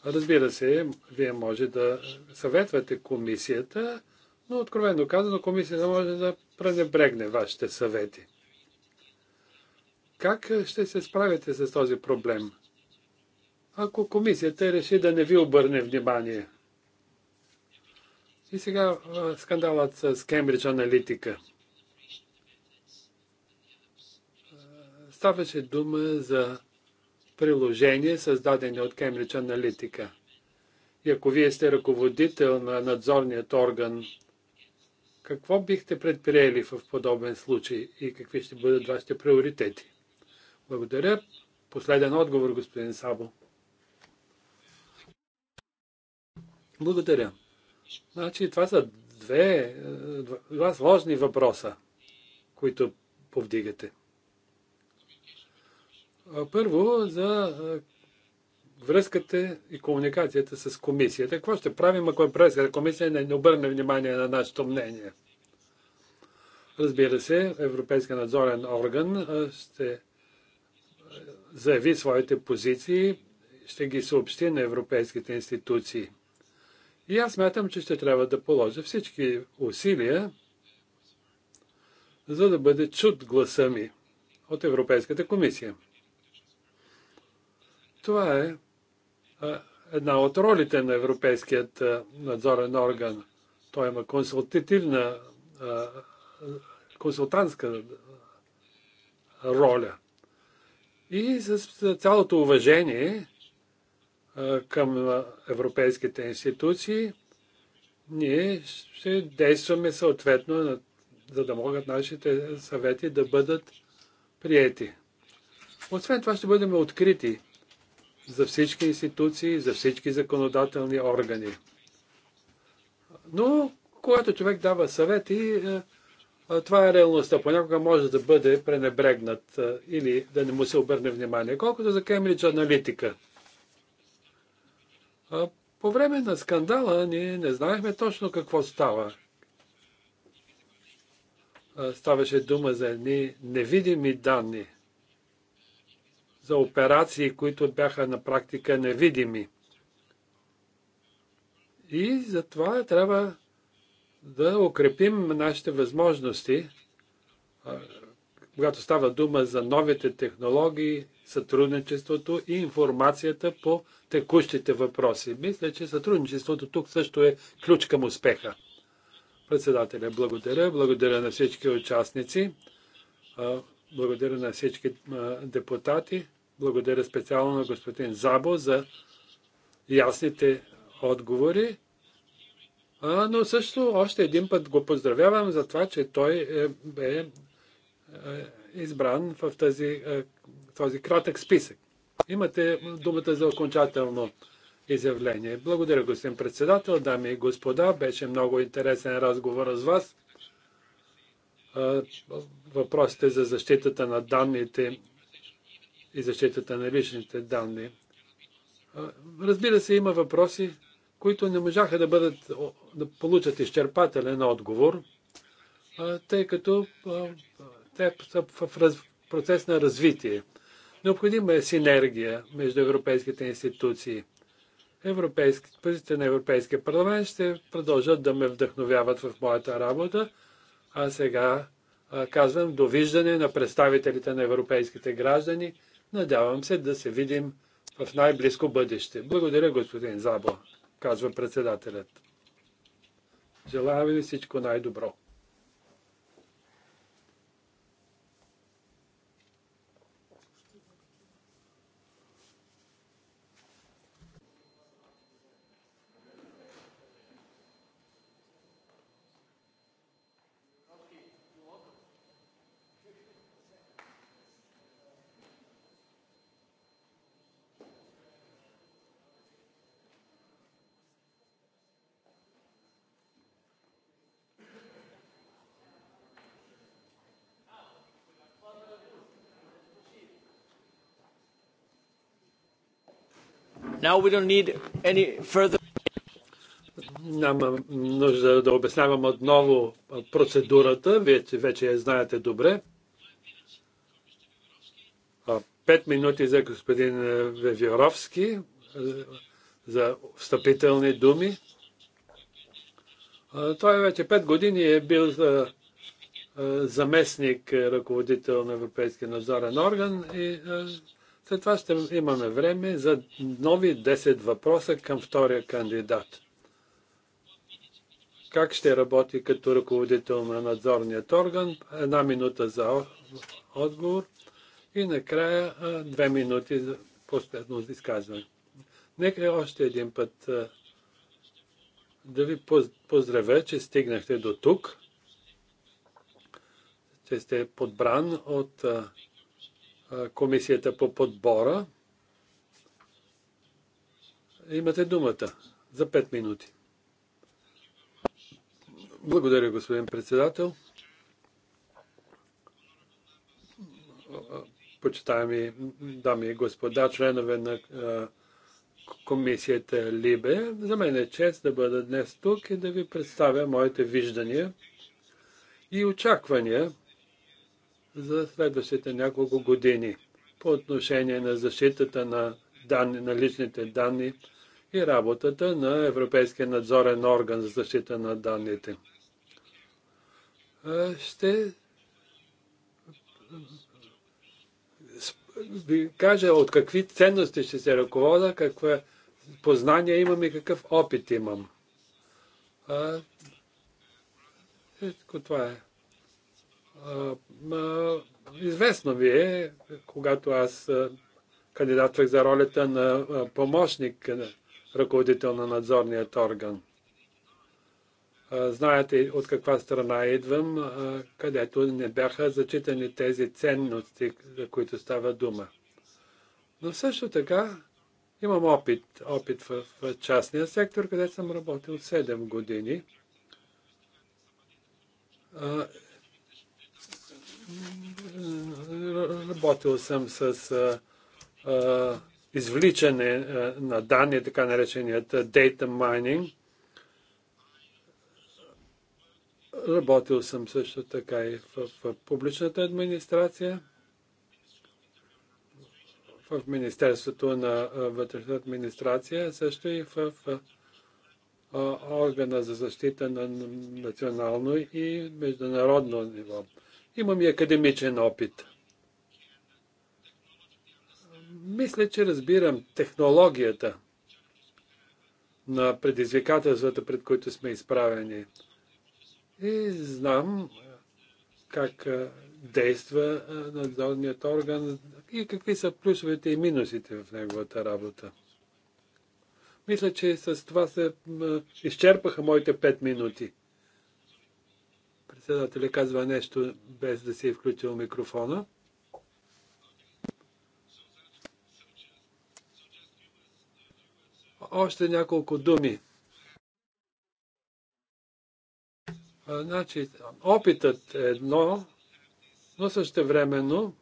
Разбира се, вие може да съветвате комисията, но откровено казано, комисията може да пренебрегне вашите съвети. Как е, ще се справите с този проблем? Ако комисията реши да не ви обърне внимание. И сега скандалът с Кембридж Аналитика. Ставаше дума за приложение, създадени от Кембридж Аналитика. И ако вие сте ръководител на надзорният орган, какво бихте предприели в подобен случай и какви ще бъдат вашите приоритети? Благодаря. Последен отговор, господин Сабо. Благодаря. Значи, това са две, е, два сложни въпроса, които повдигате. Първо, за връзката и комуникацията с комисията. Какво ще правим, ако е комисия не обърне внимание на нашето мнение? Разбира се, Европейска надзорен орган ще заяви своите позиции, ще ги съобщи на европейските институции. И аз смятам, че ще трябва да положа всички усилия, за да бъде чут гласа ми от Европейската комисия. Това е една от ролите на Европейският надзорен орган. Той има консултативна, консултантска роля. И с цялото уважение към европейските институции, ние ще действаме съответно, за да могат нашите съвети да бъдат приети. Освен това ще бъдем открити за всички институции, за всички законодателни органи. Но когато човек дава съвети, е, това е реалността. Понякога може да бъде пренебрегнат или да не му се обърне внимание. Колкото за Кембридж аналитика. По време на скандала ние не знаехме точно какво става. Ставаше дума за едни невидими данни, за операции, които бяха на практика невидими. И затова трябва да укрепим нашите възможности, когато става дума за новите технологии, сътрудничеството и информацията по текущите въпроси. Мисля, че сътрудничеството тук също е ключ към успеха. Председателя, благодаря. Благодаря на всички участници. Благодаря на всички депутати. Благодаря специално на господин Забо за ясните отговори но също още един път го поздравявам за това, че той е бе е, избран в тази, е, този кратък списък. Имате думата за окончателно изявление. Благодаря, господин председател, дами и господа. Беше много интересен разговор с вас. Въпросите за защитата на данните и защитата на личните данни. Разбира се, има въпроси, които не можаха да, бъдат, да получат изчерпателен отговор, тъй като те са в процес на развитие. Необходима е синергия между европейските институции. Европейски, позиция на Европейския парламент ще продължат да ме вдъхновяват в моята работа, а сега казвам довиждане на представителите на европейските граждани. Надявам се да се видим в най-близко бъдеще. Благодаря, господин Забо казва председателят. Желая ви всичко най-добро. Now we don't need any further... Няма нужда да обяснявам отново процедурата. Вие вече я знаете добре. Пет минути за господин Вевировски за встъпителни думи. Той вече пет години е бил заместник е, ръководител на Европейския надзорен орган и след това ще имаме време за нови 10 въпроса към втория кандидат. Как ще работи като ръководител на надзорният орган? Една минута за отговор и накрая две минути за последно изказване. Нека още един път да ви поздравя, че стигнахте до тук, че сте подбран от комисията по подбора. Имате думата за 5 минути. Благодаря, господин председател. Почитаеми дами и господа, членове на комисията Либе, за мен е чест да бъда днес тук и да ви представя моите виждания и очаквания за следващите няколко години по отношение на защитата на, данни, на личните данни и работата на Европейския надзорен орган за защита на данните. Ще ви кажа от какви ценности ще се ръководя, какво е познания имам и какъв опит имам. А, е, това е известно ви е, когато аз кандидатствах за ролята на помощник на ръководител на надзорният орган. Знаете от каква страна идвам, където не бяха зачитани тези ценности, за които става дума. Но също така имам опит, опит в, в частния сектор, където съм работил 7 години Работил съм с извличане на данни, така нареченият data mining. Работил съм също така и в, в публичната администрация, в Министерството на вътрешната администрация, също и в, в органа за защита на национално и международно ниво. Имам и академичен опит. Мисля, че разбирам технологията на предизвикателствата, пред които сме изправени. И знам как действа надзорният орган и какви са плюсовете и минусите в неговата работа. Мисля, че с това се изчерпаха моите 5 минути. Председателя казва нещо без да си е включил микрофона. Още няколко думи. Значи, опитът е едно, но също времено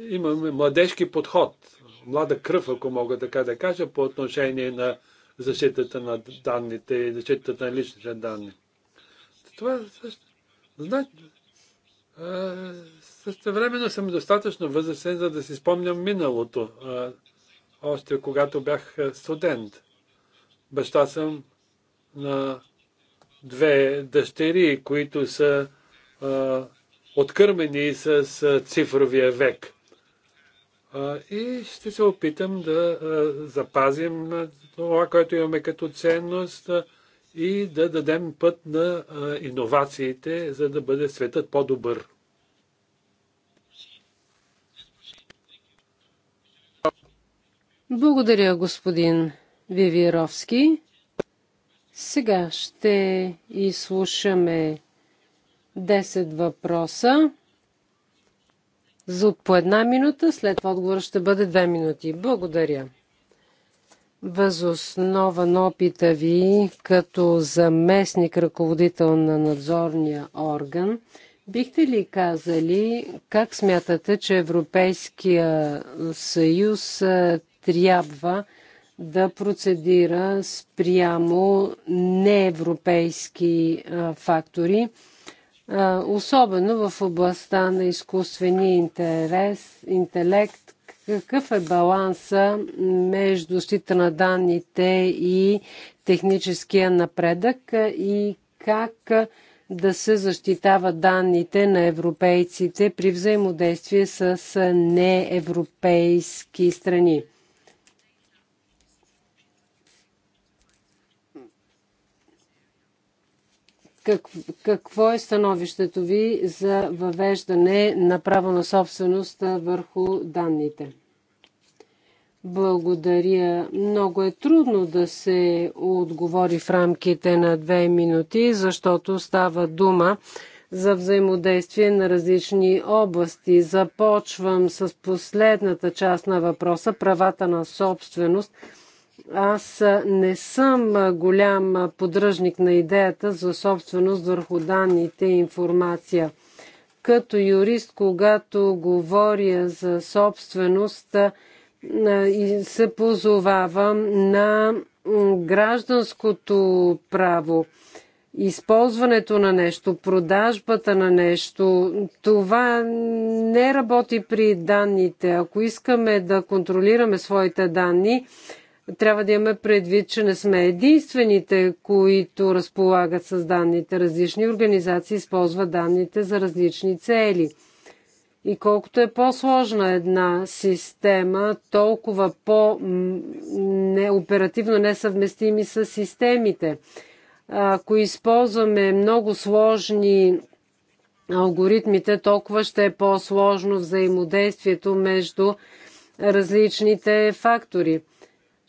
имаме младежки подход, млада кръв, ако мога така да кажа, по отношение на защитата на данните и защитата на личните данни. Това също... Значи, също времено съм достатъчно възрастен, за да си спомням миналото, още когато бях студент. Баща съм на две дъщери, които са откърмени с цифровия век. И ще се опитам да запазим това, което имаме като ценност и да дадем път на иновациите, за да бъде светът по-добър. Благодаря, господин Вивировски. Сега ще изслушаме 10 въпроса за по една минута, след това отговор ще бъде две минути. Благодаря. Възоснова на опита ви като заместник ръководител на надзорния орган, бихте ли казали как смятате, че Европейския съюз трябва да процедира спрямо неевропейски фактори? особено в областта на изкуствения интерес, интелект, какъв е баланса между защита на данните и техническия напредък и как да се защитават данните на европейците при взаимодействие с неевропейски страни. Как, какво е становището ви за въвеждане на право на собственост върху данните? Благодаря. Много е трудно да се отговори в рамките на две минути, защото става дума за взаимодействие на различни области. Започвам с последната част на въпроса правата на собственост – аз не съм голям поддръжник на идеята за собственост върху данните и информация. Като юрист, когато говоря за собственост, се позовавам на гражданското право използването на нещо, продажбата на нещо, това не работи при данните. Ако искаме да контролираме своите данни, трябва да имаме предвид, че не сме единствените, които разполагат с данните. Различни организации използват данните за различни цели. И колкото е по-сложна една система, толкова по-оперативно несъвместими са системите. Ако използваме много сложни алгоритмите, толкова ще е по-сложно взаимодействието между различните фактори.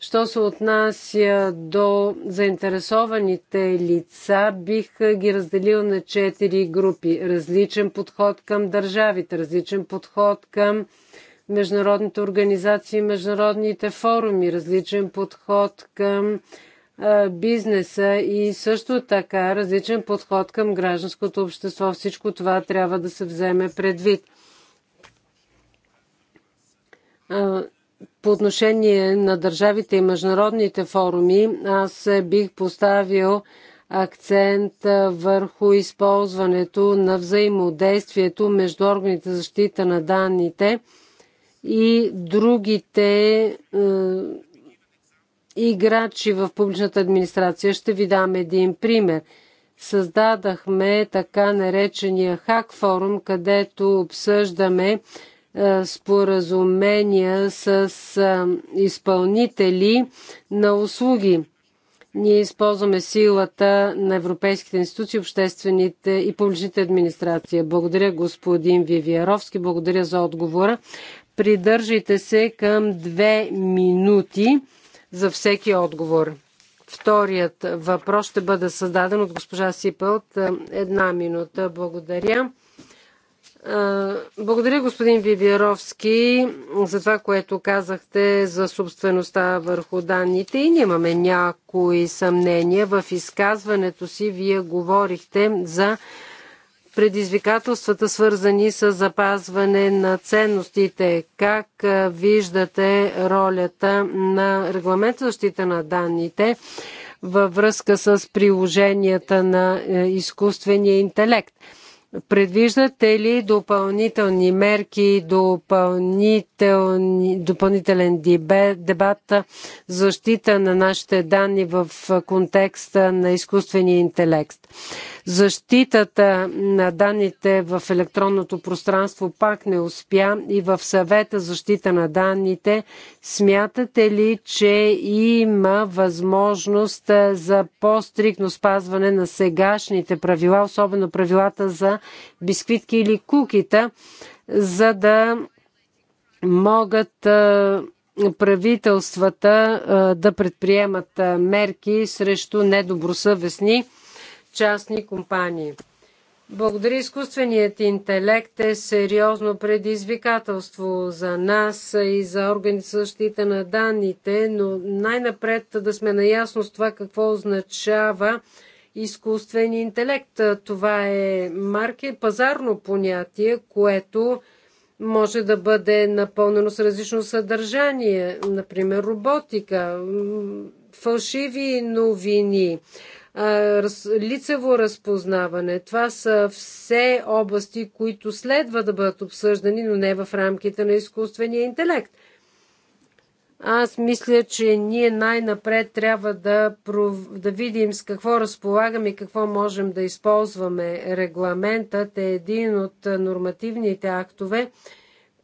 Що се отнася до заинтересованите лица, бих ги разделил на четири групи. Различен подход към държавите, различен подход към международните организации, международните форуми, различен подход към а, бизнеса и също така различен подход към гражданското общество. Всичко това трябва да се вземе предвид по отношение на държавите и международните форуми, аз бих поставил акцент върху използването на взаимодействието между органите за защита на данните и другите е, играчи в публичната администрация. Ще ви дам един пример. Създадахме така наречения хак форум, където обсъждаме е, споразумения с е, изпълнители на услуги. Ние използваме силата на европейските институции, обществените и публичните администрации. Благодаря господин Вивиаровски, благодаря за отговора. Придържайте се към две минути за всеки отговор. Вторият въпрос ще бъде създаден от госпожа Сипълт. Е, една минута. Благодаря. Е, благодаря, господин Бибировски, за това, което казахте за собствеността върху данните. И нямаме някои съмнения. В изказването си вие говорихте за предизвикателствата, свързани с запазване на ценностите. Как е, виждате ролята на регламента защита на данните във връзка с приложенията на е, изкуствения интелект? Предвиждате ли допълнителни мерки, допълнителни, допълнителен дебат, защита на нашите данни в контекста на изкуствения интелект? Защитата на данните в електронното пространство пак не успя и в съвета защита на данните. Смятате ли, че има възможност за по-стрикно спазване на сегашните правила, особено правилата за бисквитки или кукита, за да могат правителствата да предприемат мерки срещу недобросъвестни частни компании. Благодаря изкуственият интелект е сериозно предизвикателство за нас и за органи защита на данните, но най-напред да сме наясно с това какво означава изкуствен интелект. Това е марке, пазарно понятие, което може да бъде напълнено с различно съдържание, например роботика, фалшиви новини, лицево разпознаване. Това са все области, които следва да бъдат обсъждани, но не в рамките на изкуствения интелект. Аз мисля, че ние най-напред трябва да, пров... да видим с какво разполагаме и какво можем да използваме. Регламентът е един от нормативните актове,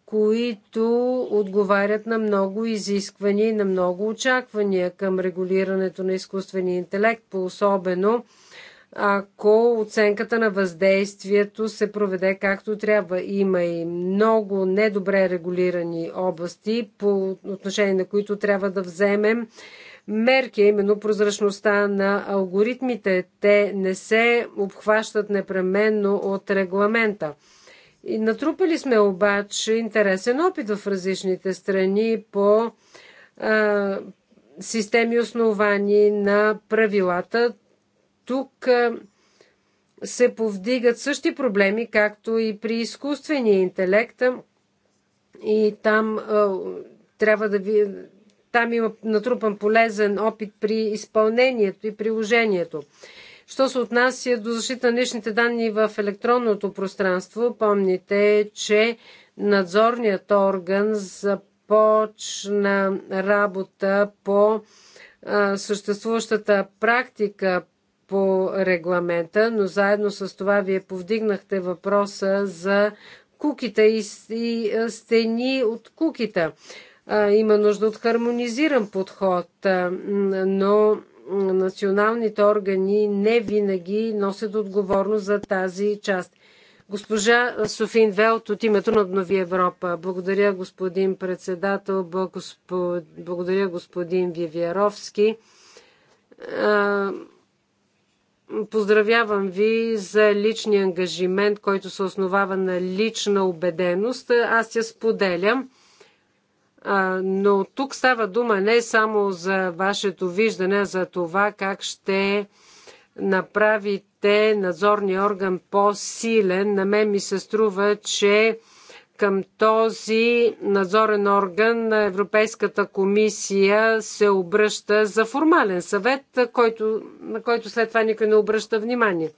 които отговарят на много изисквания и на много очаквания към регулирането на изкуствения интелект, по особено ако оценката на въздействието се проведе както трябва. Има и много недобре регулирани области, по отношение на които трябва да вземем мерки, именно прозрачността на алгоритмите. Те не се обхващат непременно от регламента. И натрупали сме обаче интересен опит в различните страни по а, системи основани на правилата. Тук а, се повдигат същи проблеми, както и при изкуствения интелект. И там а, трябва да ви. Там има натрупан полезен опит при изпълнението и приложението. Що се отнася до защита на личните данни в електронното пространство, помните, че надзорният орган започна работа по съществуващата практика по регламента, но заедно с това вие повдигнахте въпроса за куките и, и стени от куките. Има нужда от хармонизиран подход, но националните органи не винаги носят отговорност за тази част. Госпожа Софин Велт от името на Нови Европа. Благодаря, господин председател. Благодаря, господин Вивяровски. Поздравявам ви за личния ангажимент, който се основава на лична убеденост. Аз я споделям но тук става дума не само за вашето виждане, а за това как ще направите надзорния орган по-силен. На мен ми се струва, че към този надзорен орган на Европейската комисия се обръща за формален съвет, който, на който след това никой не обръща внимание.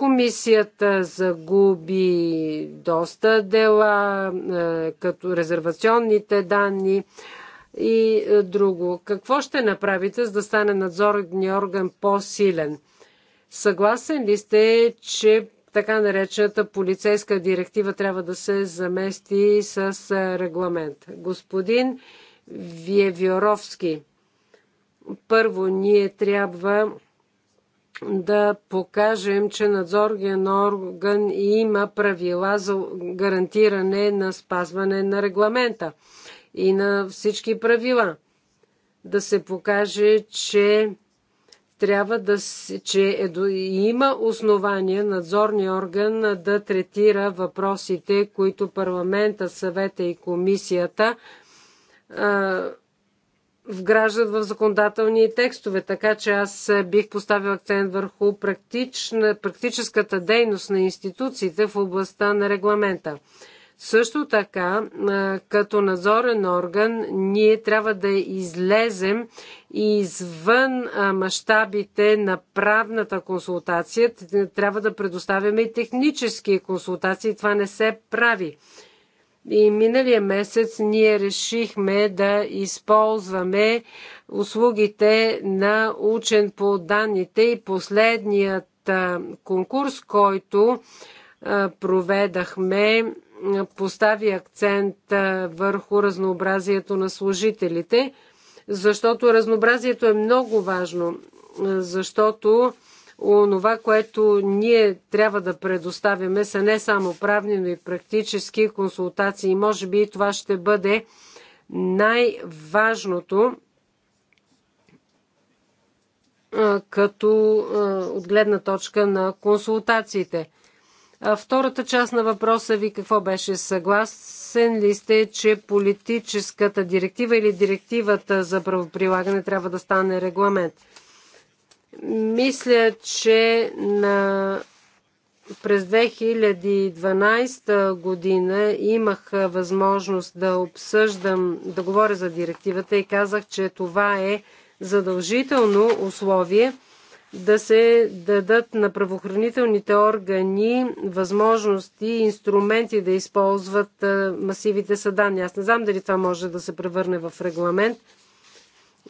Комисията загуби доста дела, е, като резервационните данни и е, друго. Какво ще направите, за да стане надзорния орган по-силен? Съгласен ли сте, че така наречената полицейска директива трябва да се замести с е, регламент? Господин Виевиоровски, първо ние трябва да покажем, че надзорен орган има правила за гарантиране на спазване на регламента и на всички правила. Да се покаже, че трябва да че е, има основания надзорния орган да третира въпросите, които парламента, съвета и комисията а, вграждат в законодателни текстове, така че аз бих поставил акцент върху практична, практическата дейност на институциите в областта на регламента. Също така, като надзорен орган, ние трябва да излезем извън мащабите на правната консултация. Трябва да предоставяме и технически консултации. Това не се прави. И миналия месец ние решихме да използваме услугите на учен по данните и последният конкурс, който проведахме, постави акцент върху разнообразието на служителите, защото разнообразието е много важно, защото онова, което ние трябва да предоставяме, са не само правни, но и практически консултации. Може би това ще бъде най-важното като от гледна точка на консултациите. втората част на въпроса ви какво беше? Съгласен ли сте, че политическата директива или директивата за правоприлагане трябва да стане регламент? Мисля, че на през 2012 година имах възможност да обсъждам, да говоря за директивата и казах, че това е задължително условие да се дадат на правоохранителните органи възможности и инструменти да използват масивите са данни. Аз не знам дали това може да се превърне в регламент,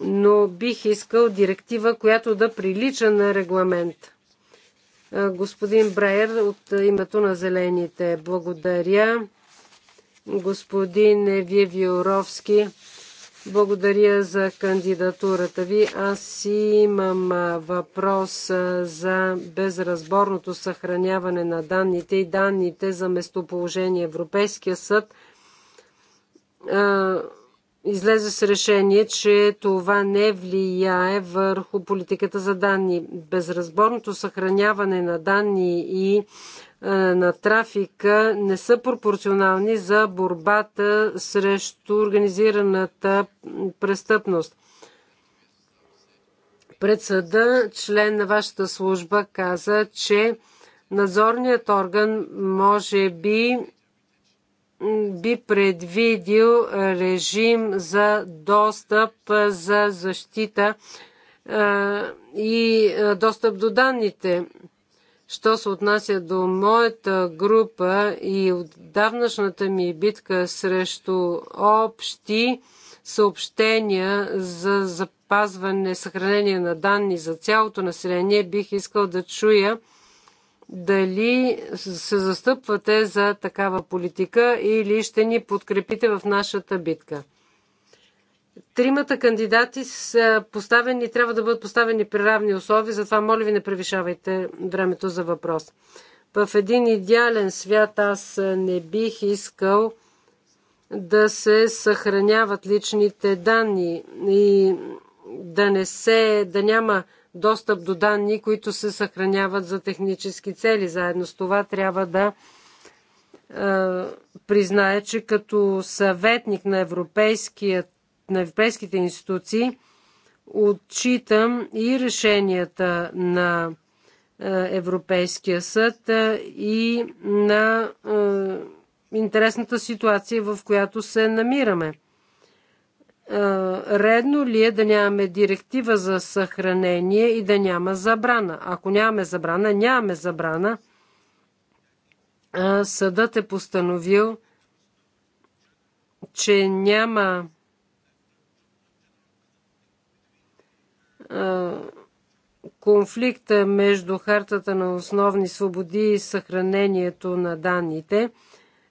но бих искал директива, която да прилича на регламент. Господин Браер от името на Зелените. Благодаря. Господин Виевиоровски, благодаря за кандидатурата ви. Аз имам въпрос за безразборното съхраняване на данните и данните за местоположение. Европейския съд излезе с решение, че това не влияе върху политиката за данни. Безразборното съхраняване на данни и е, на трафика не са пропорционални за борбата срещу организираната престъпност. Пред съда член на вашата служба каза, че надзорният орган може би би предвидил режим за достъп за защита и достъп до данните. Що се отнася до моята група и от давнашната ми битка срещу общи съобщения за запазване, съхранение на данни за цялото население, бих искал да чуя дали се застъпвате за такава политика или ще ни подкрепите в нашата битка. Тримата кандидати са поставени, трябва да бъдат поставени при равни условия, затова моля ви не превишавайте времето за въпрос. В един идеален свят аз не бих искал да се съхраняват личните данни и да не се, да няма достъп до данни, които се съхраняват за технически цели. Заедно с това трябва да е, признае, че като съветник на, на европейските институции отчитам и решенията на е, Европейския съд е, и на интересната ситуация, в която се намираме редно ли е да нямаме директива за съхранение и да няма забрана? Ако нямаме забрана, нямаме забрана. Съдът е постановил, че няма конфликта между хартата на основни свободи и съхранението на данните,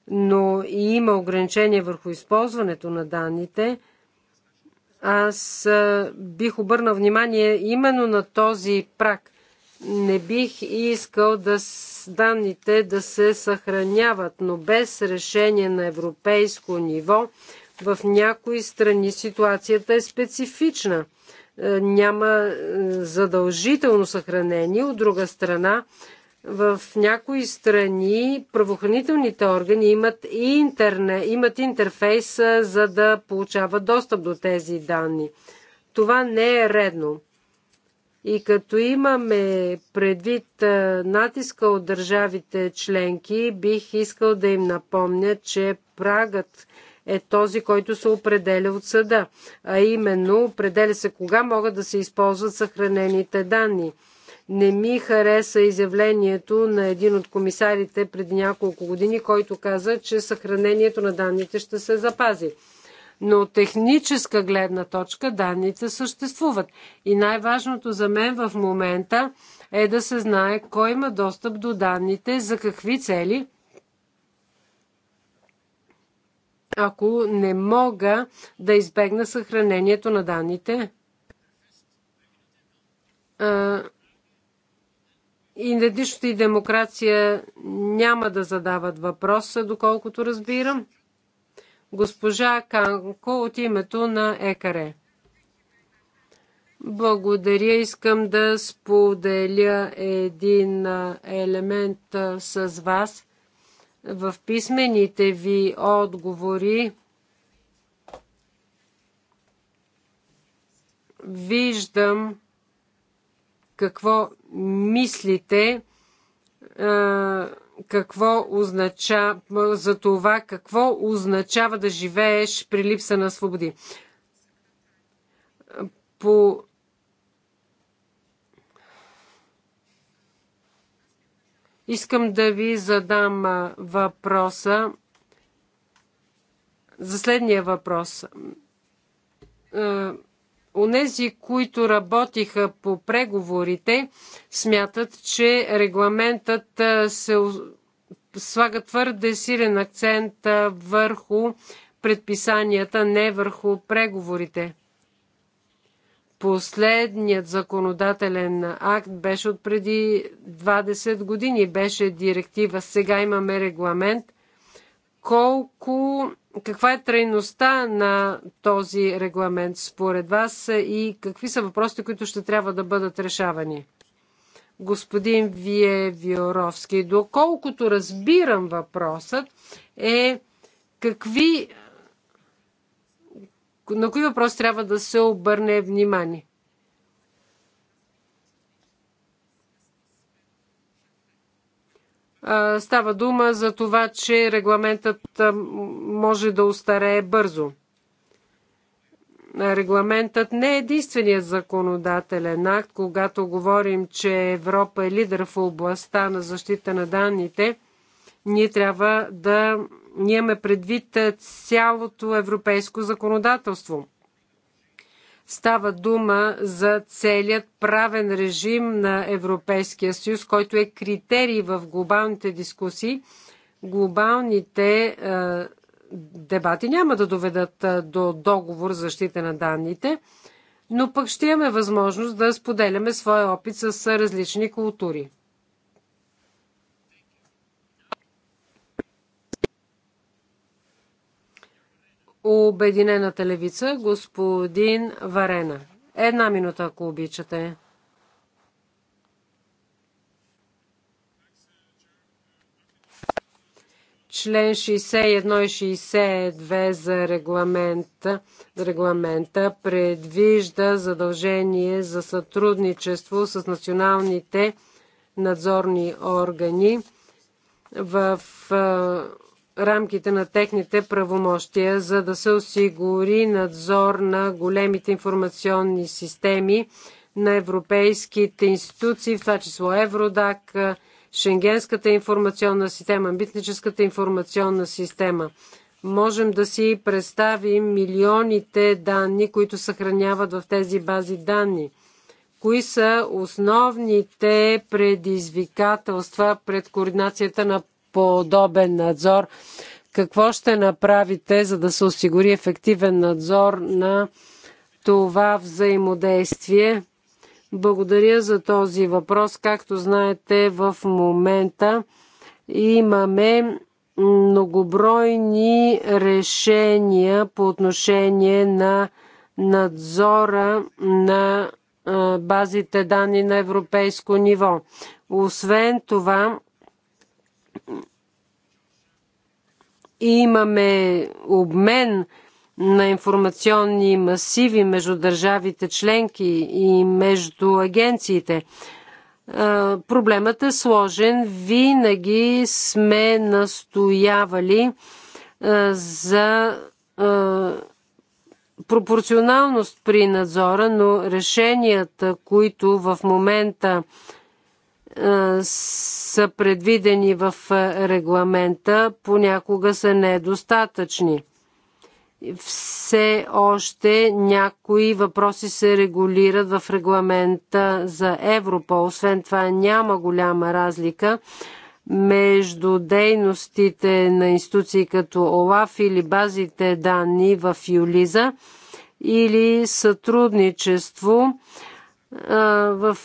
но и има ограничения върху използването на данните – аз бих обърнал внимание именно на този прак. Не бих искал да данните да се съхраняват, но без решение на европейско ниво в някои страни ситуацията е специфична. Е, няма е, задължително съхранение. От друга страна, в някои страни правоохранителните органи имат, интерне, имат интерфейс, за да получават достъп до тези данни. Това не е редно. И като имаме предвид е, натиска от държавите членки, бих искал да им напомня, че прагът е този, който се определя от съда, а именно определя се кога могат да се използват съхранените данни. Не ми хареса изявлението на един от комисарите преди няколко години, който каза, че съхранението на данните ще се запази. Но от техническа гледна точка данните съществуват. И най-важното за мен в момента е да се знае кой има достъп до данните, за какви цели. Ако не мога да избегна съхранението на данните, Идентичност и демокрация няма да задават въпроса, доколкото разбирам. Госпожа Канко от името на ЕКАРЕ. Благодаря. Искам да споделя един елемент с вас. В писмените ви отговори виждам какво мислите какво означава, за това какво означава да живееш при липса на свободи. По Искам да ви задам въпроса за следния въпрос Онези, които работиха по преговорите, смятат, че регламентът се слага твърде силен акцент върху предписанията, не върху преговорите. Последният законодателен акт беше от преди 20 години, беше директива. Сега имаме регламент. Колко каква е трайността на този регламент според вас и какви са въпросите, които ще трябва да бъдат решавани? Господин Вие Виоровски, доколкото разбирам въпросът, е какви на кои въпроси трябва да се обърне внимание? Става дума за това, че регламентът може да остарее бързо. Регламентът не е единственият законодателен акт, когато говорим, че Европа е лидер в областта на защита на данните. Ние трябва да ние имаме предвид цялото европейско законодателство. Става дума за целият правен режим на Европейския съюз, който е критерий в глобалните дискусии. Глобалните е, дебати няма да доведат е, до договор за защита на данните, но пък ще имаме възможност да споделяме своя опит с е, различни култури. Обединената левица, господин Варена. Една минута, ако обичате. член 61 и 62 за регламента, регламента предвижда задължение за сътрудничество с националните надзорни органи в рамките на техните правомощия, за да се осигури надзор на големите информационни системи на европейските институции, в това число Евродак, Шенгенската информационна система, Митническата информационна система. Можем да си представим милионите данни, които съхраняват в тези бази данни. Кои са основните предизвикателства пред координацията на подобен надзор. Какво ще направите, за да се осигури ефективен надзор на това взаимодействие? Благодаря за този въпрос. Както знаете, в момента имаме многобройни решения по отношение на надзора на базите данни на европейско ниво. Освен това, Имаме обмен на информационни масиви между държавите членки и между агенциите. Проблемът е сложен. Винаги сме настоявали за пропорционалност при надзора, но решенията, които в момента са предвидени в регламента, понякога са недостатъчни. Все още някои въпроси се регулират в регламента за Европол. Освен това няма голяма разлика между дейностите на институции като ОЛАФ или базите данни в Юлиза или сътрудничество в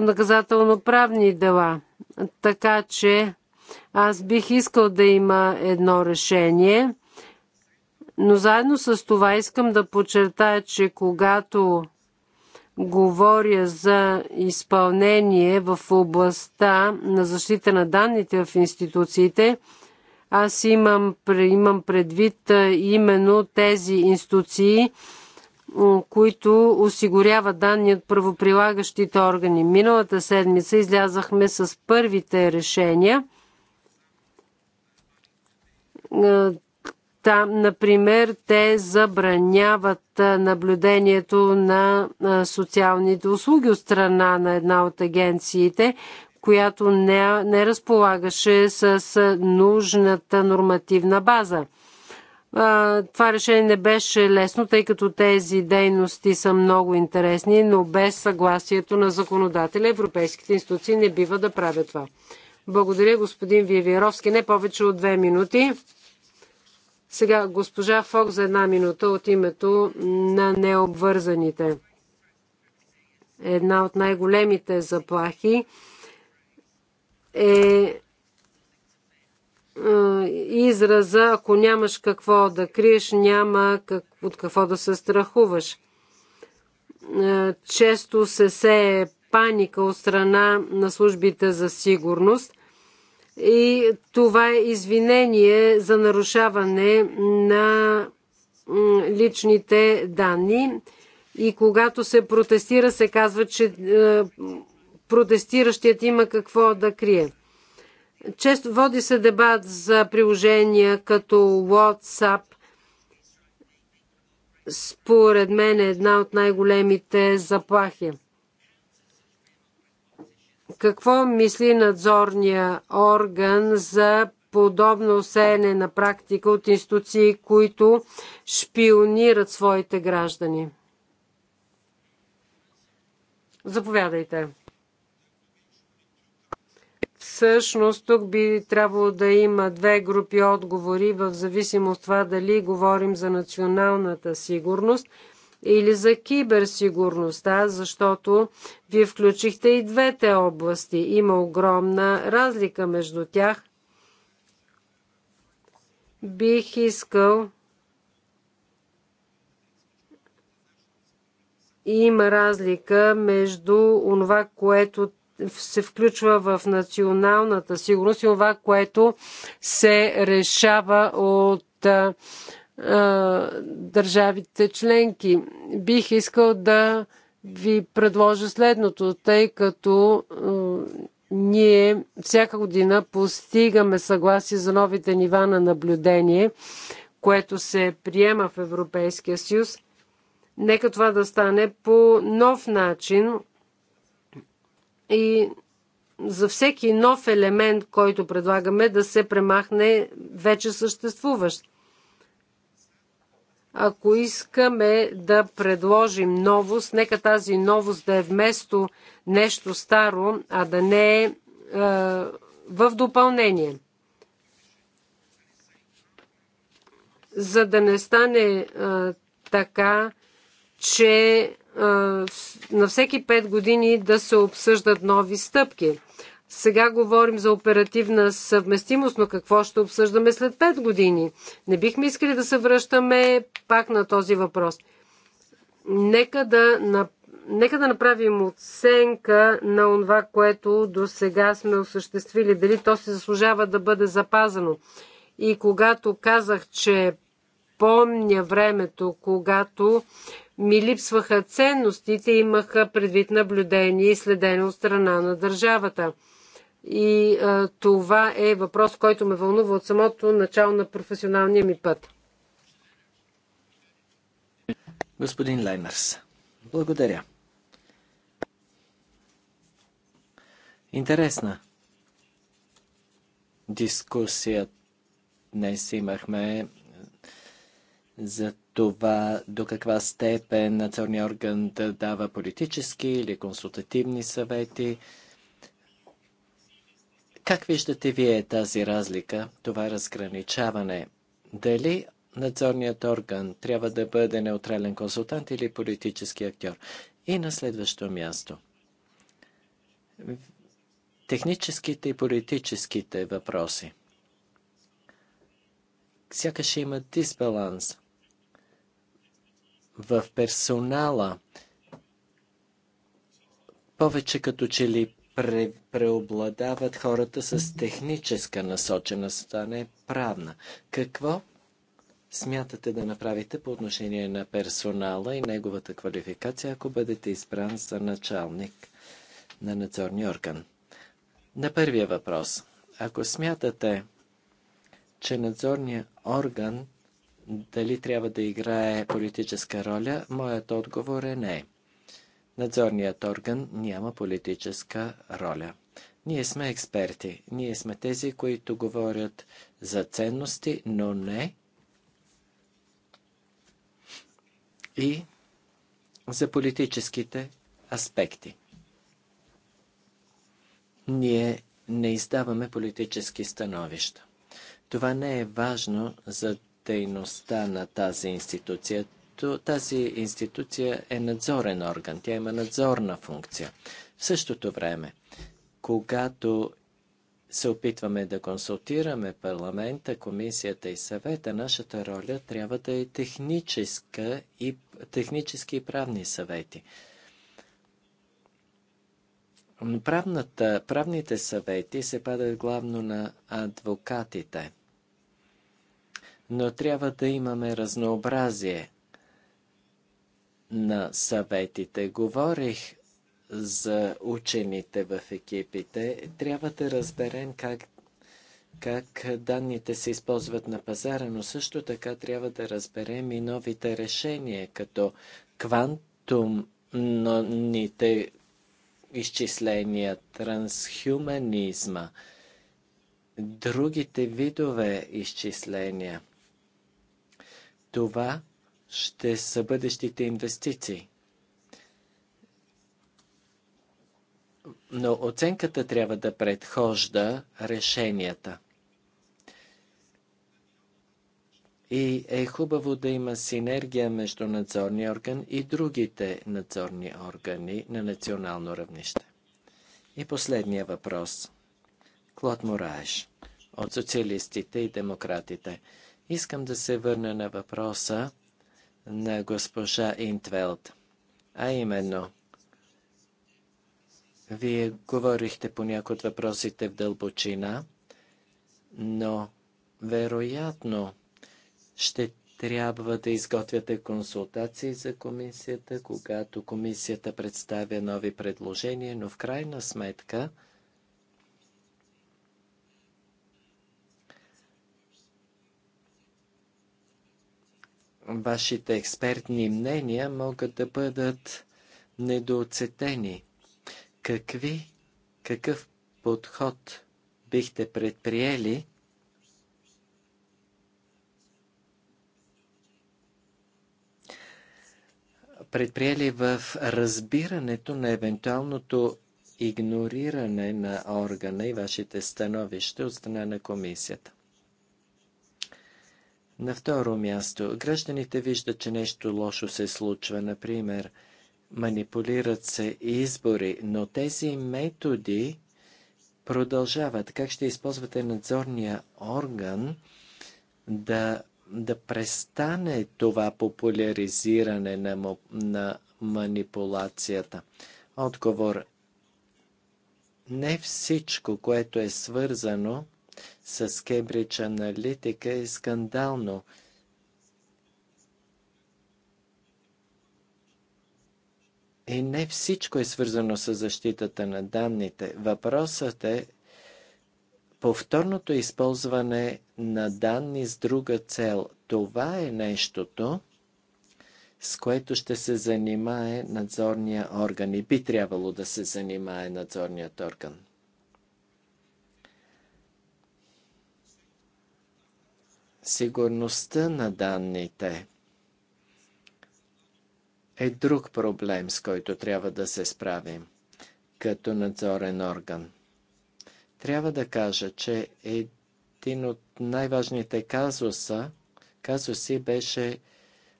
наказателно-правни дела. Така че аз бих искал да има едно решение, но заедно с това искам да подчертая, че когато говоря за изпълнение в областта на защита на данните в институциите, аз имам, имам предвид именно тези институции, които осигурява данни от правоприлагащите органи. Миналата седмица излязахме с първите решения. Там, например, те забраняват наблюдението на социалните услуги от страна на една от агенциите, която не, не разполагаше с нужната нормативна база. Това решение не беше лесно, тъй като тези дейности са много интересни, но без съгласието на законодателя европейските институции не бива да правят това. Благодаря, господин Вивировски. Не повече от две минути. Сега госпожа Фок за една минута от името на необвързаните. Една от най-големите заплахи е израза, ако нямаш какво да криеш, няма как, от какво да се страхуваш. Често се сее паника от страна на службите за сигурност и това е извинение за нарушаване на личните данни. И когато се протестира, се казва, че протестиращият има какво да крие. Често води се дебат за приложения като WhatsApp. Според мен е една от най-големите заплахи. Какво мисли надзорния орган за подобно сеене на практика от институции, които шпионират своите граждани? Заповядайте всъщност тук би трябвало да има две групи отговори в зависимост от това дали говорим за националната сигурност или за киберсигурността, защото вие включихте и двете области. Има огромна разлика между тях. Бих искал има разлика между това, което се включва в националната сигурност и това, което се решава от а, а, държавите членки. Бих искал да ви предложа следното, тъй като ние всяка година постигаме съгласие за новите нива на наблюдение, което се приема в Европейския съюз. Нека това да стане по нов начин, и за всеки нов елемент, който предлагаме, да се премахне вече съществуващ. Ако искаме да предложим новост, нека тази новост да е вместо нещо старо, а да не е, е в допълнение. За да не стане е, така, че на всеки 5 години да се обсъждат нови стъпки. Сега говорим за оперативна съвместимост, но какво ще обсъждаме след 5 години? Не бихме искали да се връщаме пак на този въпрос. Нека да, нека да направим оценка на това, което до сега сме осъществили. Дали то се заслужава да бъде запазено. И когато казах, че помня времето, когато ми липсваха ценностите, имаха предвид наблюдение и следение от страна на държавата. И а, това е въпрос, който ме вълнува от самото начало на професионалния ми път. Господин Лайнерс, благодаря. Интересна дискусия днес имахме за това до каква степен надзорния орган да дава политически или консултативни съвети. Как виждате вие тази разлика, това разграничаване? Дали надзорният орган трябва да бъде неутрален консултант или политически актьор? И на следващо място. Техническите и политическите въпроси. Сякаш има дисбаланс – в персонала повече като че ли пре, преобладават хората с техническа насоченост, а не правна. Какво смятате да направите по отношение на персонала и неговата квалификация, ако бъдете избран за началник на надзорния орган? На първия въпрос. Ако смятате, че надзорният орган дали трябва да играе политическа роля, моят отговор е не. Надзорният орган няма политическа роля. Ние сме експерти. Ние сме тези, които говорят за ценности, но не и за политическите аспекти. Ние не издаваме политически становища. Това не е важно за дейността на тази институция. Тази институция е надзорен орган, тя има надзорна функция. В същото време, когато се опитваме да консултираме парламента, комисията и съвета, нашата роля трябва да е техническа и, технически и правни съвети. Правната, правните съвети се падат главно на адвокатите – но трябва да имаме разнообразие на съветите. Говорих за учените в екипите. Трябва да разберем как, как данните се използват на пазара, но също така трябва да разберем и новите решения, като квантумните изчисления, трансхюманизма, другите видове изчисления – това ще са бъдещите инвестиции. Но оценката трябва да предхожда решенията. И е хубаво да има синергия между надзорния орган и другите надзорни органи на национално равнище. И последния въпрос. Клод Мораеш от социалистите и демократите. Искам да се върна на въпроса на госпожа Интвелд, а именно – вие говорихте по някои от въпросите в дълбочина, но вероятно ще трябва да изготвяте консултации за комисията, когато комисията представя нови предложения, но в крайна сметка вашите експертни мнения могат да бъдат недооцетени. Какви, какъв подход бихте предприели предприели в разбирането на евентуалното игнориране на органа и вашите становища от страна на комисията? На второ място, гражданите виждат, че нещо лошо се случва, например, манипулират се избори, но тези методи продължават. Как ще използвате надзорния орган да, да престане това популяризиране на, на манипулацията? Отговор. Не всичко, което е свързано с Кембридж Аналитика е скандално. И не всичко е свързано с защитата на данните. Въпросът е повторното използване на данни с друга цел. Това е нещото, с което ще се занимае надзорния орган и би трябвало да се занимае надзорният орган. Сигурността на данните е друг проблем, с който трябва да се справим като надзорен орган. Трябва да кажа, че един от най-важните казуса, казуси беше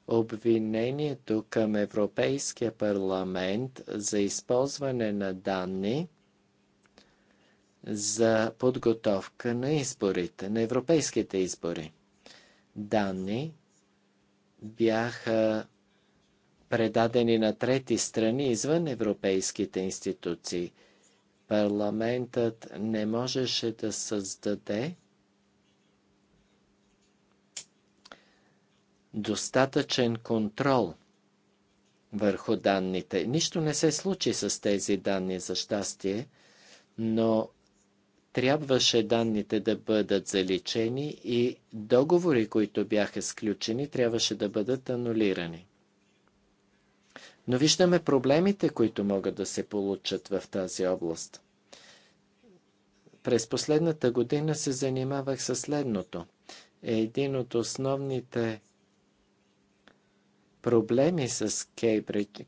обвинението към Европейския парламент за използване на данни за подготовка на изборите, на европейските избори данни бяха предадени на трети страни извън европейските институции. Парламентът не можеше да създаде достатъчен контрол върху данните. Нищо не се случи с тези данни, за щастие, но трябваше данните да бъдат заличени и договори, които бяха сключени, трябваше да бъдат анулирани. Но виждаме проблемите, които могат да се получат в тази област. През последната година се занимавах със следното. Един от основните проблеми с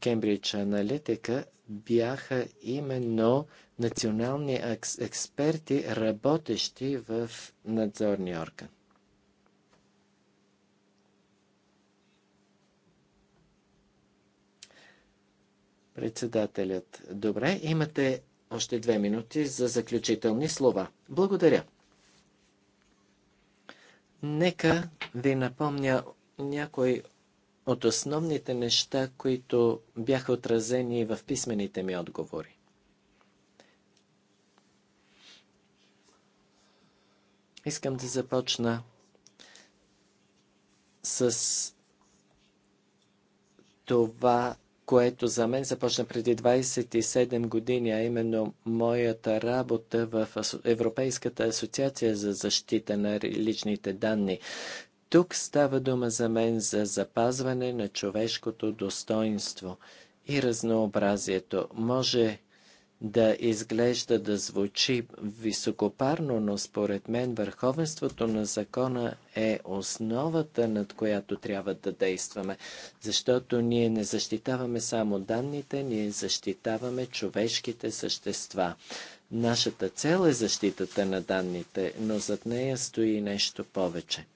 Кембридж Аналитика бяха именно национални експерти, работещи в надзорния орган. Председателят. Добре, имате още две минути за заключителни слова. Благодаря. Нека ви напомня някои от основните неща, които бяха отразени в писмените ми отговори. Искам да започна с това, което за мен започна преди 27 години, а именно моята работа в Европейската асоциация за защита на личните данни. Тук става дума за мен за запазване на човешкото достоинство и разнообразието. Може да изглежда да звучи високопарно, но според мен върховенството на закона е основата, над която трябва да действаме, защото ние не защитаваме само данните, ние защитаваме човешките същества. Нашата цел е защитата на данните, но зад нея стои нещо повече.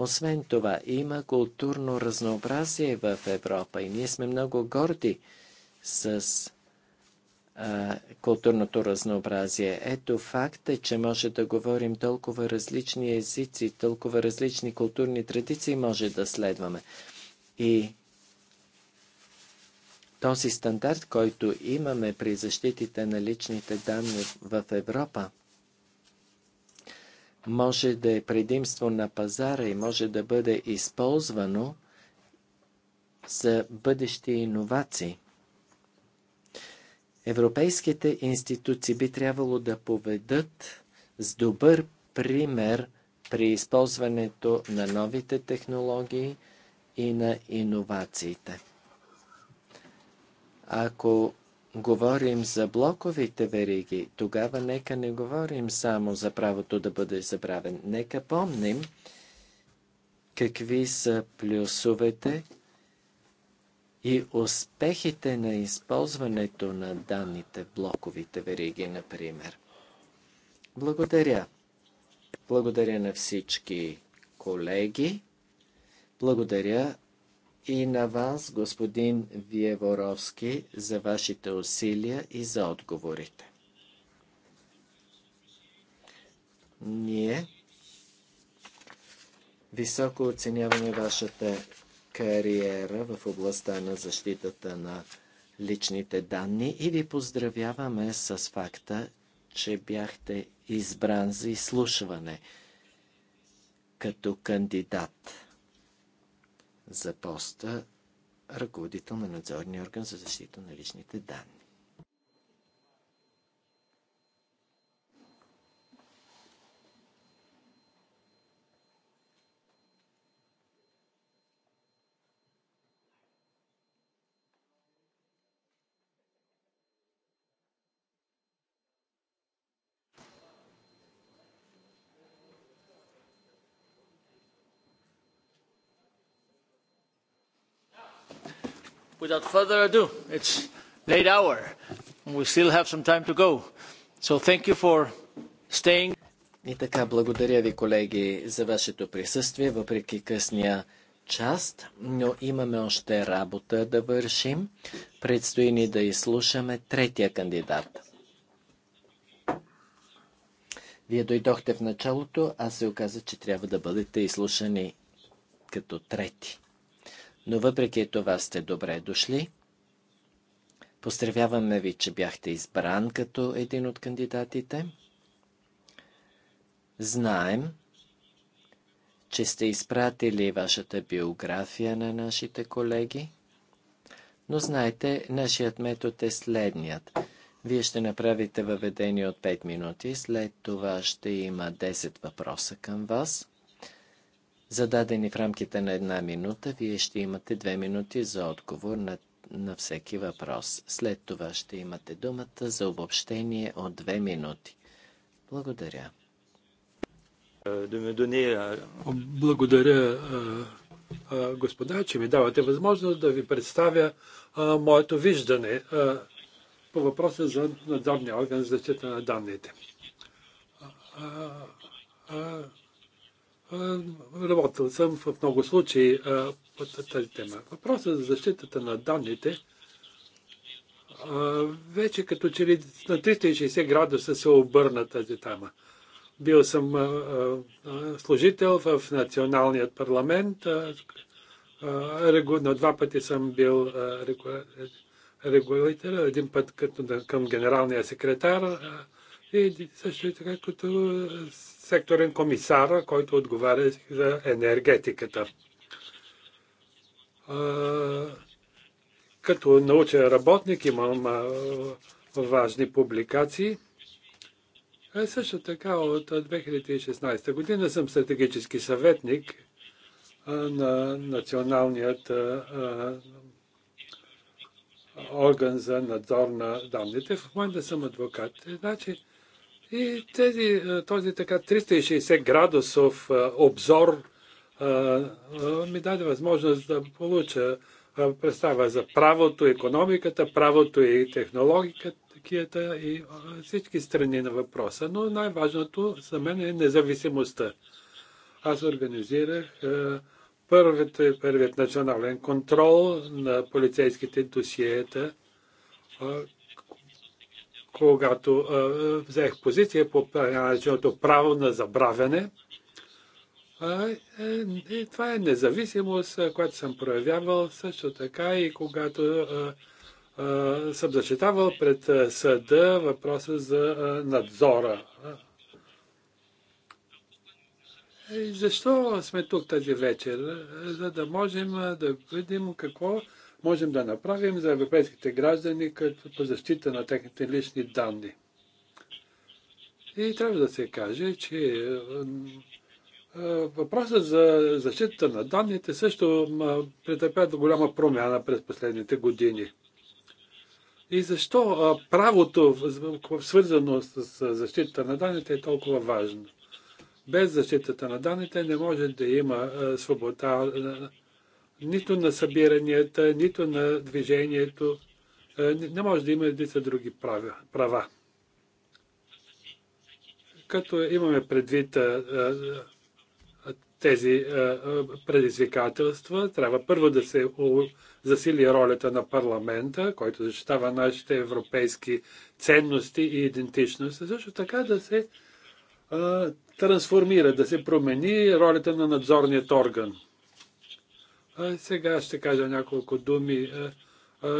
Освен това, има културно разнообразие в Европа и ние сме много горди с а, културното разнообразие. Ето факт е, че може да говорим толкова различни езици, толкова различни културни традиции може да следваме. И този стандарт, който имаме при защитите на личните данни в Европа, може да е предимство на пазара и може да бъде използвано за бъдещи иновации. Европейските институции би трябвало да поведат с добър пример при използването на новите технологии и на иновациите. Ако говорим за блоковите вериги, тогава нека не говорим само за правото да бъде забравен. Нека помним какви са плюсовете и успехите на използването на данните в блоковите вериги, например. Благодаря. Благодаря на всички колеги. Благодаря и на вас, господин Виеворовски, за вашите усилия и за отговорите. Ние високо оценяваме вашата кариера в областта на защитата на личните данни и ви поздравяваме с факта, че бяхте избран за изслушване като кандидат за поста ръководител на надзорния орган за защита на личните данни. without further ado, it's late hour, and we still have some time to go. So thank you for staying. И така, благодаря ви, колеги, за вашето присъствие, въпреки късния част, но имаме още работа да вършим. Предстои ни да изслушаме третия кандидат. Вие дойдохте в началото, а се оказа, че трябва да бъдете изслушани като трети но въпреки това сте добре дошли. Поздравяваме ви, че бяхте избран като един от кандидатите. Знаем, че сте изпратили вашата биография на нашите колеги, но знаете, нашият метод е следният. Вие ще направите въведение от 5 минути, след това ще има 10 въпроса към вас зададени в рамките на една минута. Вие ще имате две минути за отговор на, на всеки въпрос. След това ще имате думата за обобщение от две минути. Благодаря. Е, благодаря, е, е, господа, че ми давате възможност да ви представя моето виждане по въпроса за надзорния орган за защита на данните Работил съм в много случаи по тази тема. Въпросът за защитата на данните вече като че ли на 360 градуса се обърна тази тема. Бил съм служител в националният парламент. На два пъти съм бил регулитор, един път като към генералния секретар и също така като секторен комисар, който отговаря за енергетиката. Като научен работник имам важни публикации. също така от 2016 година съм стратегически съветник на националният орган за надзор на данните. В момента съм адвокат. Значи, и тези, този така 360 градусов обзор ми даде възможност да получа представа за правото, економиката, правото и технологията и всички страни на въпроса. Но най-важното за мен е независимостта. Аз организирах първият, първият национален контрол на полицейските досиета, когато а, взех позиция по нареченото право на забравяне. А, е, е, и това е независимост, която съм проявявал също така и когато а, а, съм зачитавал пред съда въпроса за а, надзора. И защо сме тук тази вечер? За да можем да видим какво можем да направим за европейските граждани като по защита на техните лични данни. И трябва да се каже, че е, е, въпросът за защита на данните също претърпя до голяма промяна през последните години. И защо правото, свързано с защита на данните, е толкова важно? Без защитата на данните не може да има свобода нито на събиранията, нито на движението. Е, не може да има са други права. Като имаме предвид е, е, тези предизвикателства, трябва първо да се засили ролята на парламента, който защитава нашите европейски ценности и идентичност, също така да се трансформира, да се промени ролята на надзорният орган. Сега ще кажа няколко думи.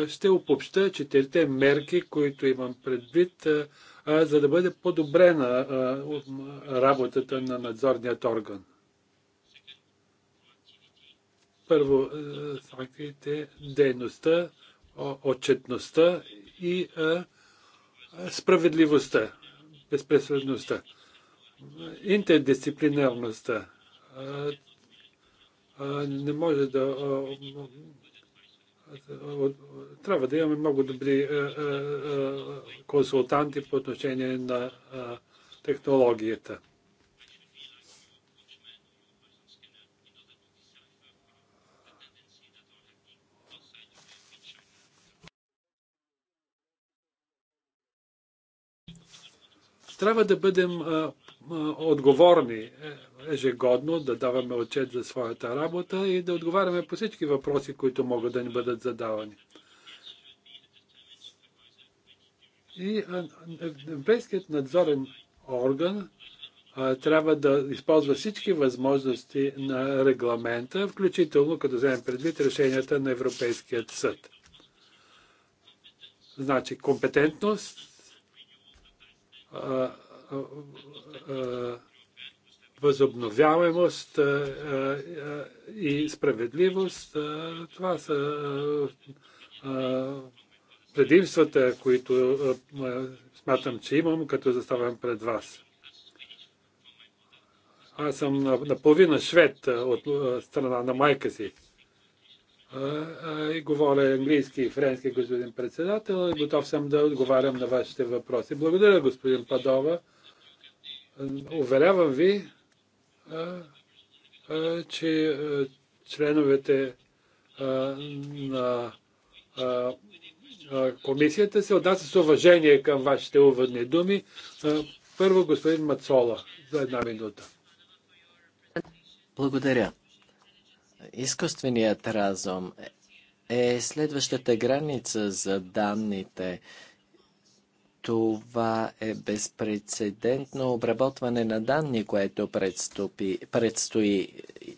Ще опобща четирите мерки, които имам предвид, за да бъде подобрена работата на надзорният орган. Първо, санкциите, дейността, отчетността и справедливостта, безпредседността, интердисциплинарността не може да. Трябва да имаме много добри консултанти по отношение на технологията. Трябва да бъдем отговорни е, ежегодно, да даваме отчет за своята работа и да отговаряме по всички въпроси, които могат да ни бъдат задавани. И е, е, Европейският надзорен орган трябва да използва всички възможности на регламента, включително като вземем предвид решенията на Европейският съд. Значи компетентност, възобновяемост и справедливост. Това са предимствата, които смятам, че имам, като заставам пред вас. Аз съм наполовина швед от страна на майка си. И говоря английски и френски, господин председател. Готов съм да отговарям на вашите въпроси. Благодаря, господин Падова. Уверявам ви, че членовете на комисията се отнася с уважение към вашите уводни думи. Първо господин Мацола за една минута. Благодаря. Изкуственият разум е следващата граница за данните. Това е безпредседентно обработване на данни, което предстопи, предстои,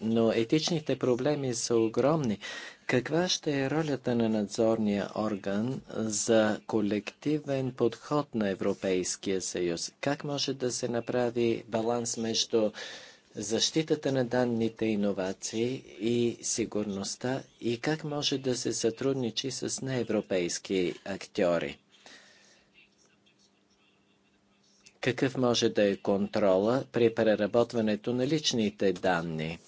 но етичните проблеми са огромни. Каква ще е ролята на надзорния орган за колективен подход на Европейския съюз? Как може да се направи баланс между защитата на данните иновации и сигурността и как може да се сътрудничи с неевропейски актьори? какъв може да е контрола при преработването на личните данни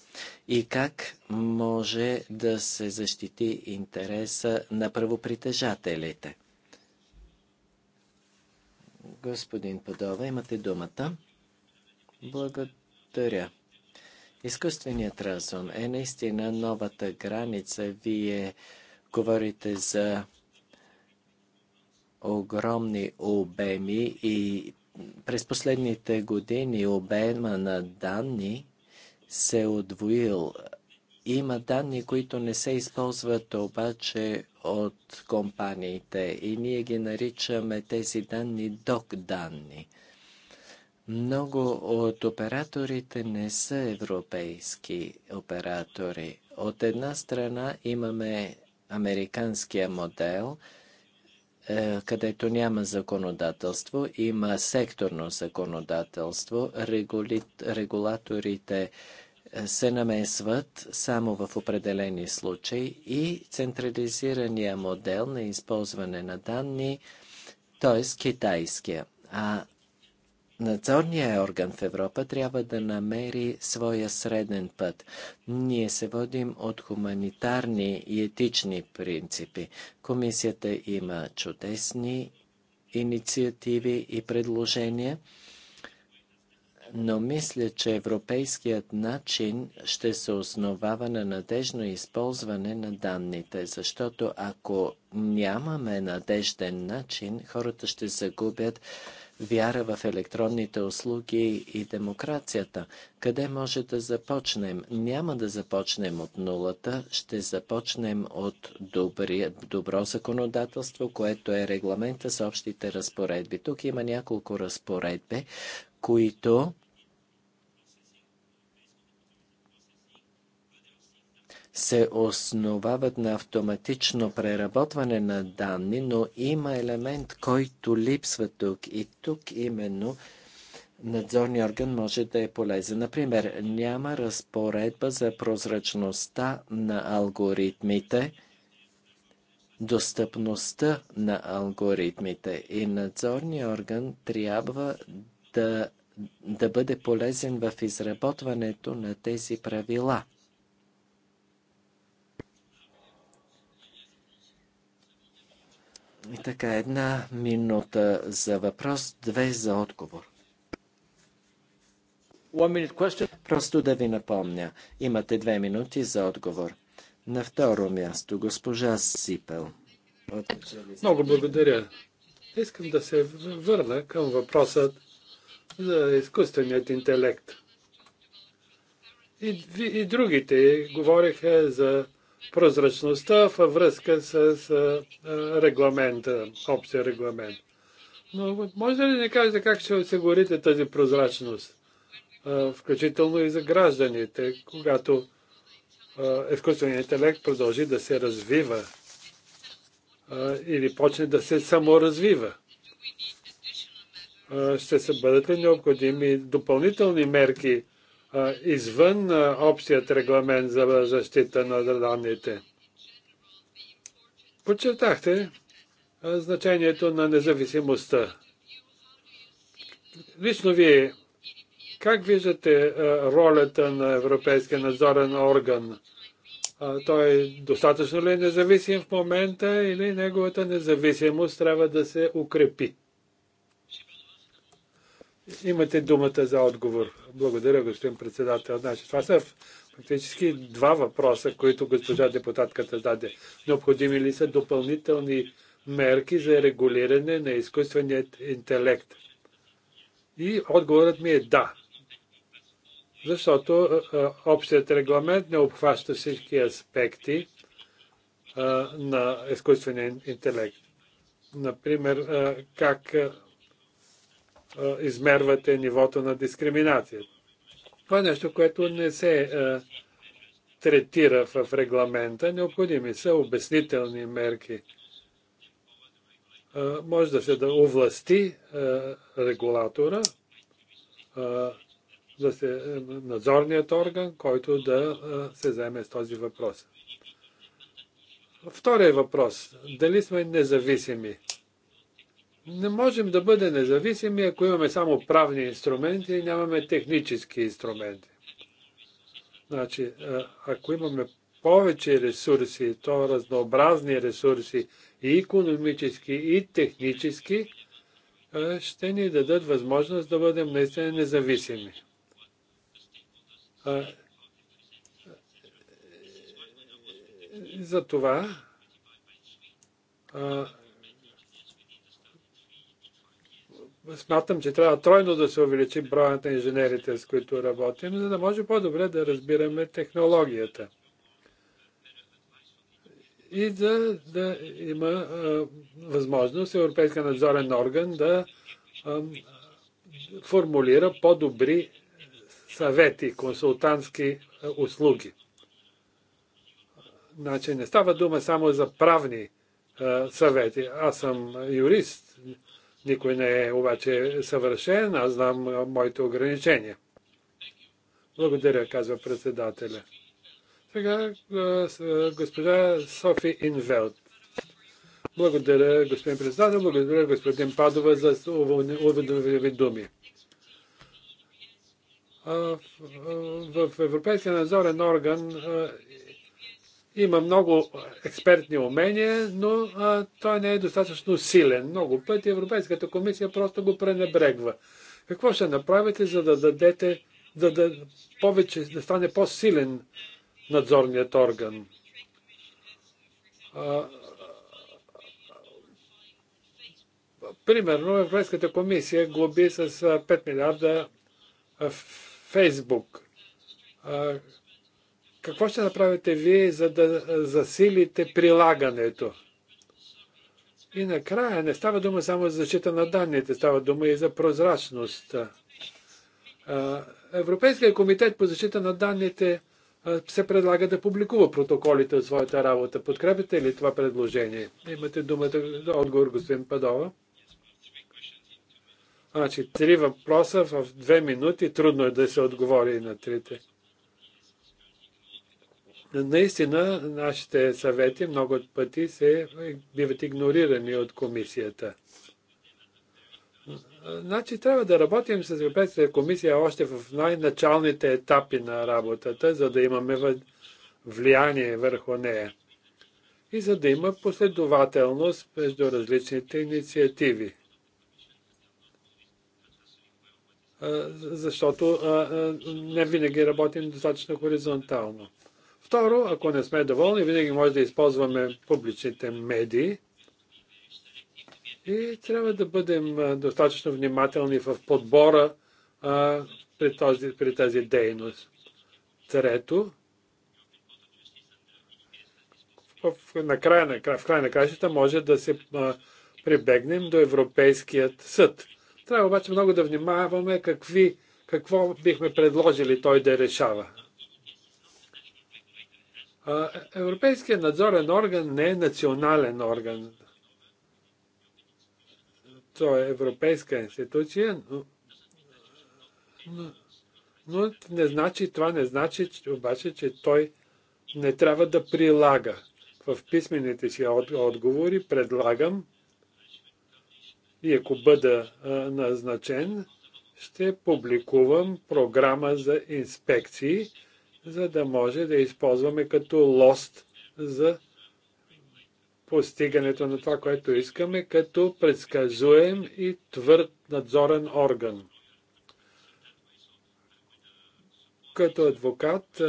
и как може да се защити интереса на правопритежателите. Господин Падова, имате думата. Благодаря. Изкуственият разум е наистина новата граница. Вие говорите за огромни обеми и през последните години обема на данни се е удвоил. Има данни, които не се използват обаче от компаниите и ние ги наричаме тези данни док данни. Много от операторите не са европейски оператори. От една страна имаме американския модел – е, където няма законодателство, има секторно законодателство, регулаторите е, се намесват само в определени случаи и централизирания модел на използване на данни, т.е. китайския. А Надзорният орган в Европа трябва да намери своя среден път. Ние се водим от хуманитарни и етични принципи. Комисията има чудесни инициативи и предложения, но мисля, че европейският начин ще се основава на надежно използване на данните, защото ако нямаме надежден начин, хората ще загубят вяра в електронните услуги и демокрацията. Къде може да започнем? Няма да започнем от нулата, ще започнем от добри, добро законодателство, което е регламента с общите разпоредби. Тук има няколко разпоредби, които се основават на автоматично преработване на данни, но има елемент, който липсва тук. И тук именно надзорният орган може да е полезен. Например, няма разпоредба за прозрачността на алгоритмите, достъпността на алгоритмите и надзорният орган трябва да, да бъде полезен в изработването на тези правила – И така, една минута за въпрос, две за отговор. Просто да ви напомня, имате две минути за отговор. На второ място, госпожа Сипел. Много благодаря. Искам да се върна към въпросът за изкуственият интелект. И, и другите говориха за прозрачността във връзка с регламента, общия регламент. Но може ли да ни кажете как ще осигурите тази прозрачност? Включително и за гражданите, когато изкуственият интелект продължи да се развива или почне да се саморазвива. Ще се бъдат ли необходими допълнителни мерки извън общият регламент за защита на данните. Подчертахте значението на независимостта. Лично вие, как виждате ролята на Европейския надзорен орган? Той достатъчно ли е независим в момента или неговата независимост трябва да се укрепи? Имате думата за отговор. Благодаря, господин председател. Значи, това са фактически два въпроса, които госпожа депутатката даде. Необходими ли са допълнителни мерки за регулиране на изкуственият интелект? И отговорът ми е да. Защото а, общият регламент не обхваща всички аспекти а, на изкуствения интелект. Например, а, как измервате нивото на дискриминация. Това е нещо, което не се е, третира в регламента. Необходими са обяснителни мерки. Може да се да овласти е, регулатора, е, да се, надзорният орган, който да се заеме с този въпрос. Втория въпрос. Дали сме независими? Не можем да бъдем независими, ако имаме само правни инструменти и нямаме технически инструменти. Значи, е, ако имаме повече ресурси, то разнообразни ресурси, и економически, и технически, е, ще ни дадат възможност да бъдем наистина независими. Е, за това смятам, че трябва тройно да се увеличи броят на инженерите, с които работим, за да може по-добре да разбираме технологията. И да, да има а, възможност Европейска надзорен орган да а, формулира по-добри съвети, консултантски а, услуги. Значи не става дума само за правни съвети. Аз съм юрист, никой не е обаче съвършен, аз знам моите ограничения. Благодаря, казва председателя. Сега госпожа Софи Инвелт. Благодаря, господин председател, благодаря, господин Падова, за уведомите думи. В Европейския надзорен орган има много експертни умения, но а, той не е достатъчно силен. Много пъти Европейската комисия просто го пренебрегва. Какво ще направите, за да дадете, да, да, повече, да стане по-силен надзорният орган? А, примерно Европейската комисия глоби с 5 милиарда в Фейсбук. Какво ще направите вие, за да засилите прилагането? И накрая не става дума само за защита на данните, става дума и за прозрачност. Европейския комитет по защита на данните се предлага да публикува протоколите от своята работа. Подкрепите ли това предложение? Имате думата за отговор, господин Падова. Значи, три въпроса в две минути. Трудно е да се отговори на трите. Наистина, нашите съвети много пъти се биват игнорирани от комисията. Значи трябва да работим с Европейската комисия още в най-началните етапи на работата, за да имаме влияние върху нея и за да има последователност между различните инициативи. Защото не винаги работим достатъчно хоризонтално. Второ, ако не сме доволни, винаги може да използваме публичните медии и трябва да бъдем достатъчно внимателни в подбора а, при, този, при тази дейност. Трето, в, на края на, в края на кращата може да се а, прибегнем до Европейският съд. Трябва обаче много да внимаваме какви, какво бихме предложили той да решава. Европейският надзорен орган не е национален орган. Той е европейска институция, но, но, но не значи, това не значи че, обаче, че той не трябва да прилага. В писмените си отговори предлагам и ако бъда а, назначен, ще публикувам програма за инспекции, за да може да използваме като лост за постигането на това, което искаме, като предсказуем и твърд надзорен орган. Като адвокат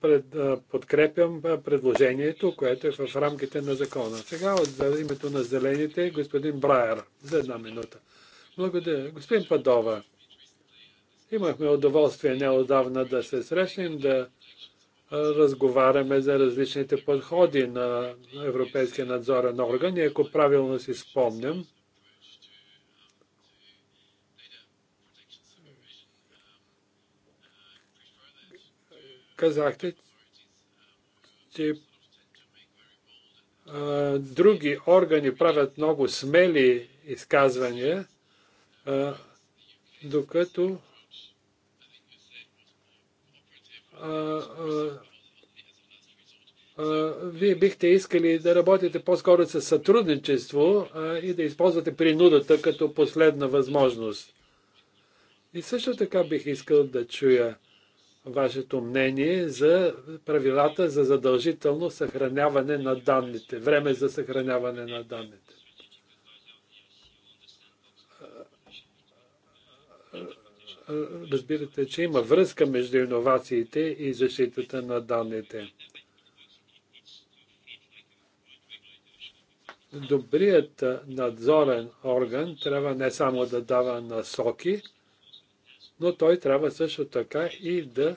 пред, подкрепям предложението, което е в рамките на закона. Сега от името на зелените господин Брайер за една минута. Благодаря. Господин Падова, Имахме удоволствие неодавна да се срещнем, да разговаряме за различните подходи на Европейския надзорен орган и ако правилно си спомням, казахте, че други органи правят много смели изказвания, докато вие бихте искали да работите по-скоро с сътрудничество и да използвате принудата като последна възможност. И също така бих искал да чуя вашето мнение за правилата за задължително съхраняване на данните, време за съхраняване на данните. разбирате, че има връзка между иновациите и защитата на данните. Добрият надзорен орган трябва не само да дава насоки, но той трябва също така и да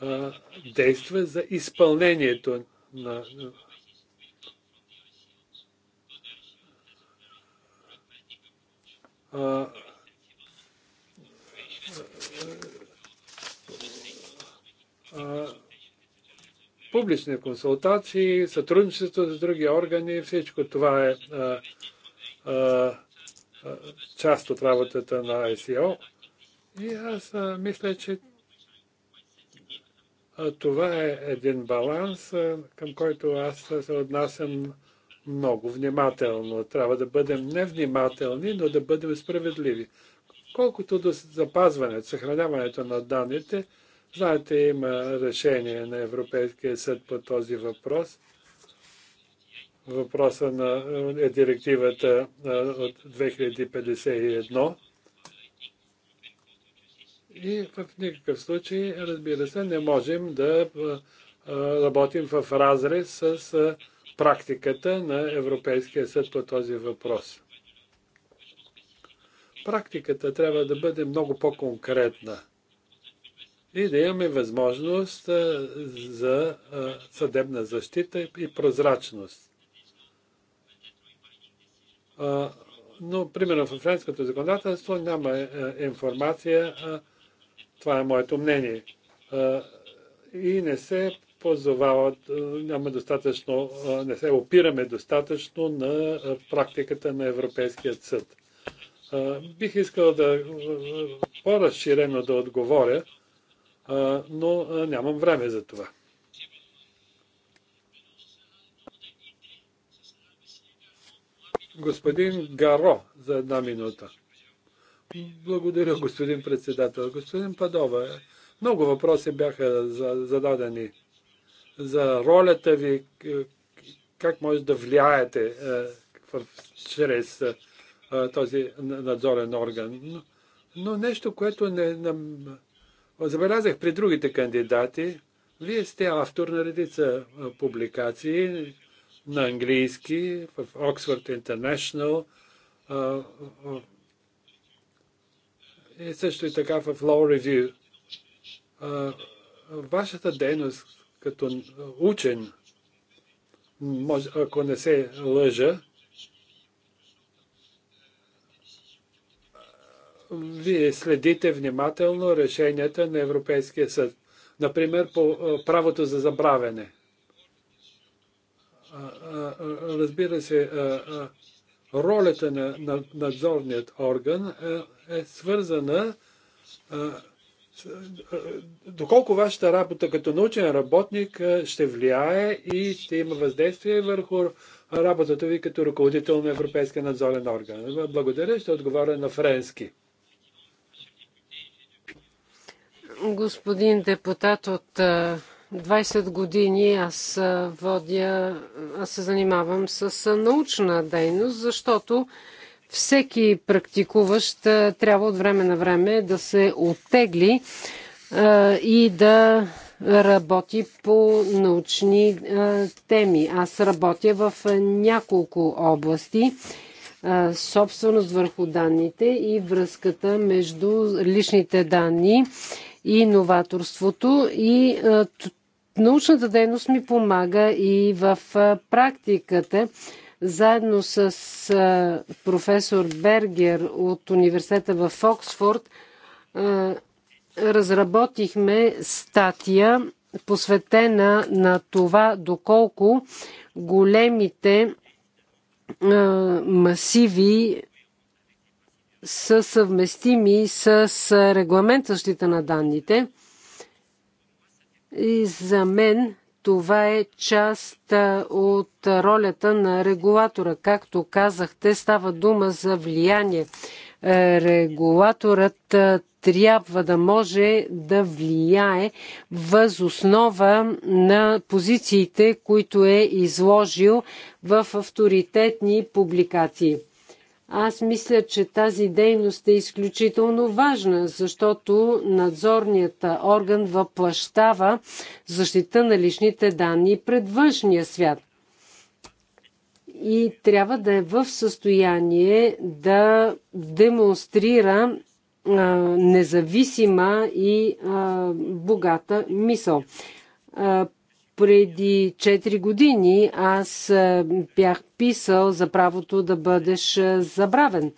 а, действа за изпълнението на. А, публични консултации, сътрудничество с други органи, всичко това е а, а, част от работата на ICO. И аз а, мисля, че това е един баланс, към който аз се отнасям много внимателно. Трябва да бъдем невнимателни, но да бъдем справедливи. Колкото до запазването, съхраняването на данните, Знаете, има решение на Европейския съд по този въпрос. Въпроса на, е директивата от 2051. И в никакъв случай, разбира се, не можем да работим в разрез с практиката на Европейския съд по този въпрос. Практиката трябва да бъде много по-конкретна и да имаме възможност за съдебна защита и прозрачност. Но, примерно, в френското законодателство няма е, е, информация, това е моето мнение, и не се позовават, няма достатъчно, не се опираме достатъчно на практиката на Европейския съд. Бих искал да по-разширено да отговоря, но нямам време за това. Господин Гаро за една минута. Благодаря, господин председател. Господин Падова, много въпроси бяха зададени за ролята ви, как може да влияете е, чрез е, този надзорен орган. Но нещо, което не, Забелязах при другите кандидати, вие сте автор на редица публикации на английски в Oxford International, и също и така в Law Review. Вашата дейност като учен, ако не се лъжа, вие следите внимателно решенията на Европейския съд. Например, по правото за забравяне. Разбира се, ролята на, надзорният орган е, свързана доколко вашата работа като научен работник ще влияе и ще има въздействие върху работата ви като ръководител на Европейския надзорен орган. Благодаря, ще отговоря на френски. Господин депутат от 20 години аз водя, аз се занимавам с научна дейност, защото всеки практикуващ трябва от време на време да се оттегли и да работи по научни теми. Аз работя в няколко области собственост върху данните и връзката между личните данни и новаторството и научната дейност ми помага и в практиката. Заедно с професор Бергер от университета в Оксфорд разработихме статия посветена на това доколко големите масиви са съвместими с регламент защита на данните. И за мен това е част от ролята на регулатора. Както казахте, става дума за влияние. Е, регулаторът трябва да може да влияе въз основа на позициите, които е изложил в авторитетни публикации. Аз мисля, че тази дейност е изключително важна, защото надзорният орган въплащава защита на личните данни пред външния свят и трябва да е в състояние да демонстрира независима и богата мисъл. Преди 4 години аз бях писал за правото да бъдеш забравен.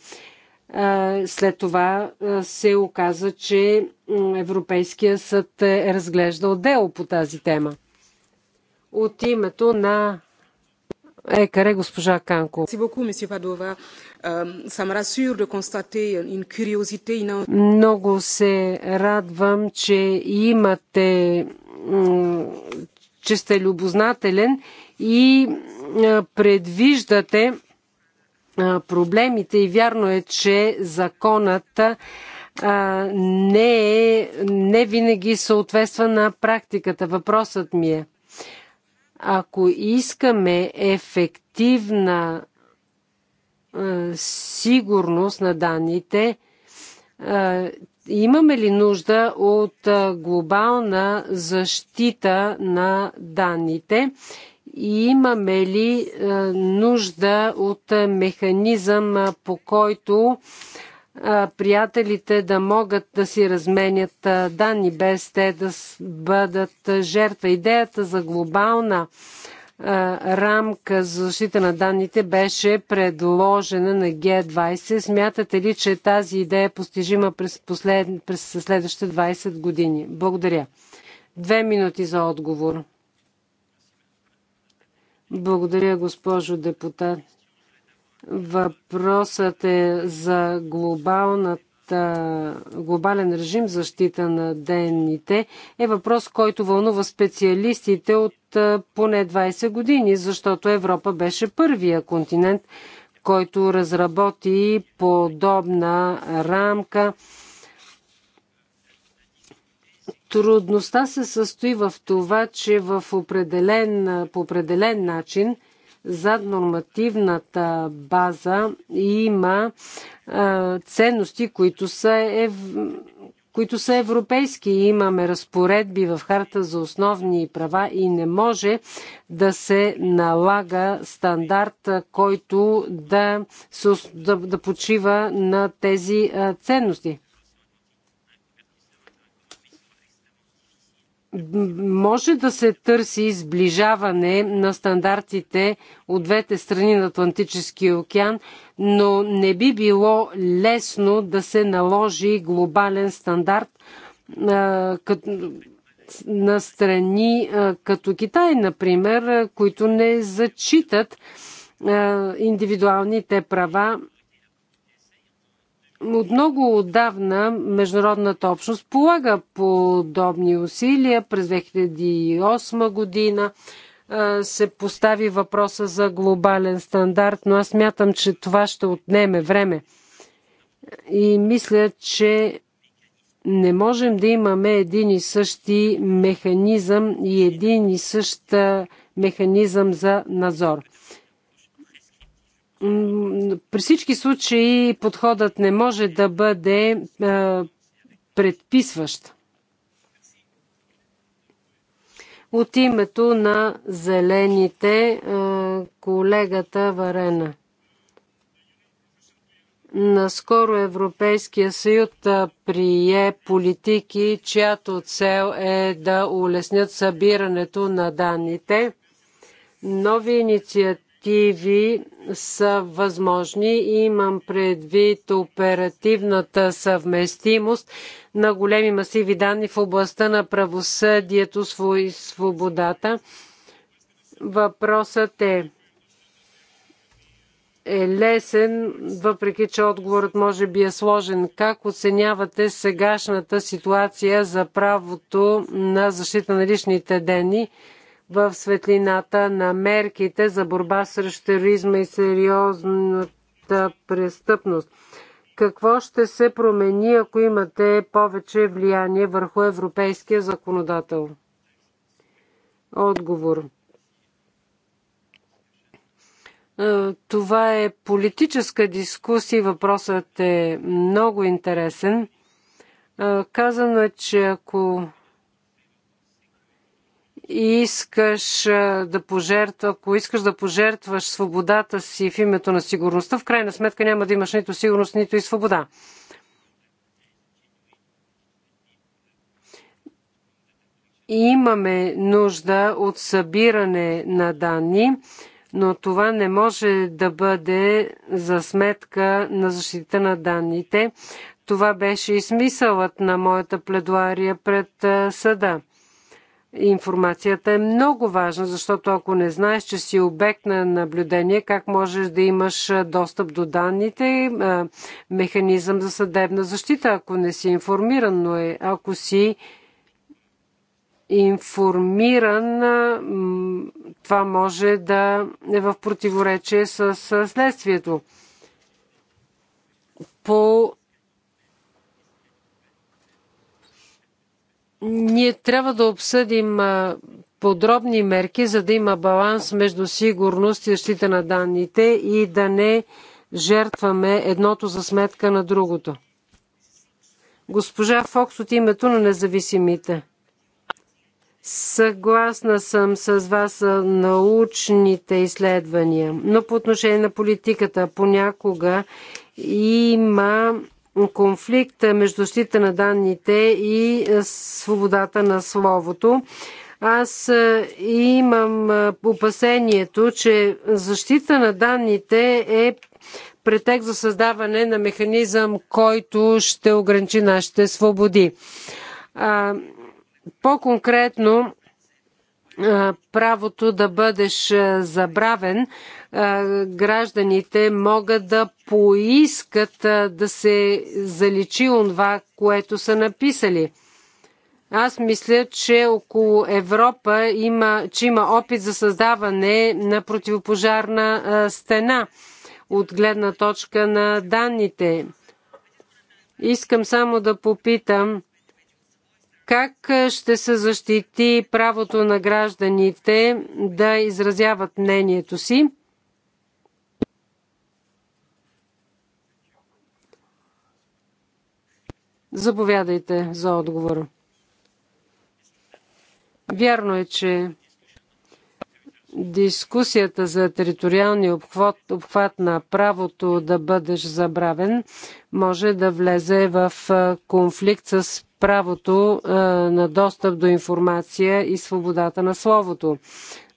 След това се оказа, че Европейския съд е разглеждал дело по тази тема. От името на екаре, госпожа Канко. Много се радвам, че имате че сте любознателен и предвиждате проблемите и вярно е, че законът не, е, не винаги съответства на практиката. Въпросът ми е, ако искаме ефективна сигурност на данните, Имаме ли нужда от глобална защита на данните? И имаме ли нужда от механизъм, по който приятелите да могат да си разменят данни, без те да бъдат жертва. Идеята за глобална рамка за защита на данните беше предложена на Г20. Смятате ли, че тази идея е постижима през, послед... през следващите 20 години? Благодаря. Две минути за отговор. Благодаря, госпожо депутат. Въпросът е за глобалната глобален режим защита на денните е въпрос, който вълнува специалистите от поне 20 години, защото Европа беше първия континент, който разработи подобна рамка. Трудността се състои в това, че в определен, по определен начин – зад нормативната база има ценности, които са, ев... които са европейски. Имаме разпоредби в Харта за основни права и не може да се налага стандарт, който да, да почива на тези ценности. може да се търси изближаване на стандартите от двете страни на Атлантическия океан, но не би било лесно да се наложи глобален стандарт на страни като Китай, например, които не зачитат индивидуалните права от много отдавна международната общност полага подобни усилия. През 2008 година се постави въпроса за глобален стандарт, но аз мятам, че това ще отнеме време. И мисля, че не можем да имаме един и същи механизъм и един и същ механизъм за надзор при всички случаи подходът не може да бъде е, предписващ. От името на зелените е, колегата Варена. Наскоро Европейския съюз е, прие политики, чиято цел е да улеснят събирането на данните. Нови инициативи директиви са възможни. Имам предвид оперативната съвместимост на големи масиви данни в областта на правосъдието и свободата. Въпросът е е лесен, въпреки че отговорът може би е сложен. Как оценявате сегашната ситуация за правото на защита на личните данни? в светлината на мерките за борба срещу тероризма и сериозната престъпност. Какво ще се промени, ако имате повече влияние върху европейския законодател? Отговор. Е, това е политическа дискусия. Въпросът е много интересен. Е, казано е, че ако искаш да пожертва, ако искаш да пожертваш свободата си в името на сигурността, в крайна сметка няма да имаш нито сигурност, нито и свобода. Имаме нужда от събиране на данни, но това не може да бъде за сметка на защита на данните. Това беше и смисълът на моята пледуария пред съда Информацията е много важна, защото ако не знаеш, че си обект на наблюдение, как можеш да имаш достъп до данните, механизъм за съдебна защита, ако не си информиран, но е, ако си информиран, това може да е в противоречие с следствието. По Ние трябва да обсъдим подробни мерки, за да има баланс между сигурност и защита на данните и да не жертваме едното за сметка на другото. Госпожа Фокс от името на независимите. Съгласна съм с вас за научните изследвания, но по отношение на политиката понякога има конфликт между защита на данните и е, свободата на словото. Аз е, имам е, опасението, че защита на данните е претекст за създаване на механизъм, който ще ограничи нашите свободи. По-конкретно, правото да бъдеш забравен, гражданите могат да поискат да се заличи онва, което са написали. Аз мисля, че около Европа има, че има опит за създаване на противопожарна стена от гледна точка на данните. Искам само да попитам как е, ще се защити правото на гражданите да изразяват мнението си? Заповядайте за отговор. Вярно е, че дискусията за териториалния обхват, обхват на правото да бъдеш забравен може да влезе в конфликт с правото на достъп до информация и свободата на словото.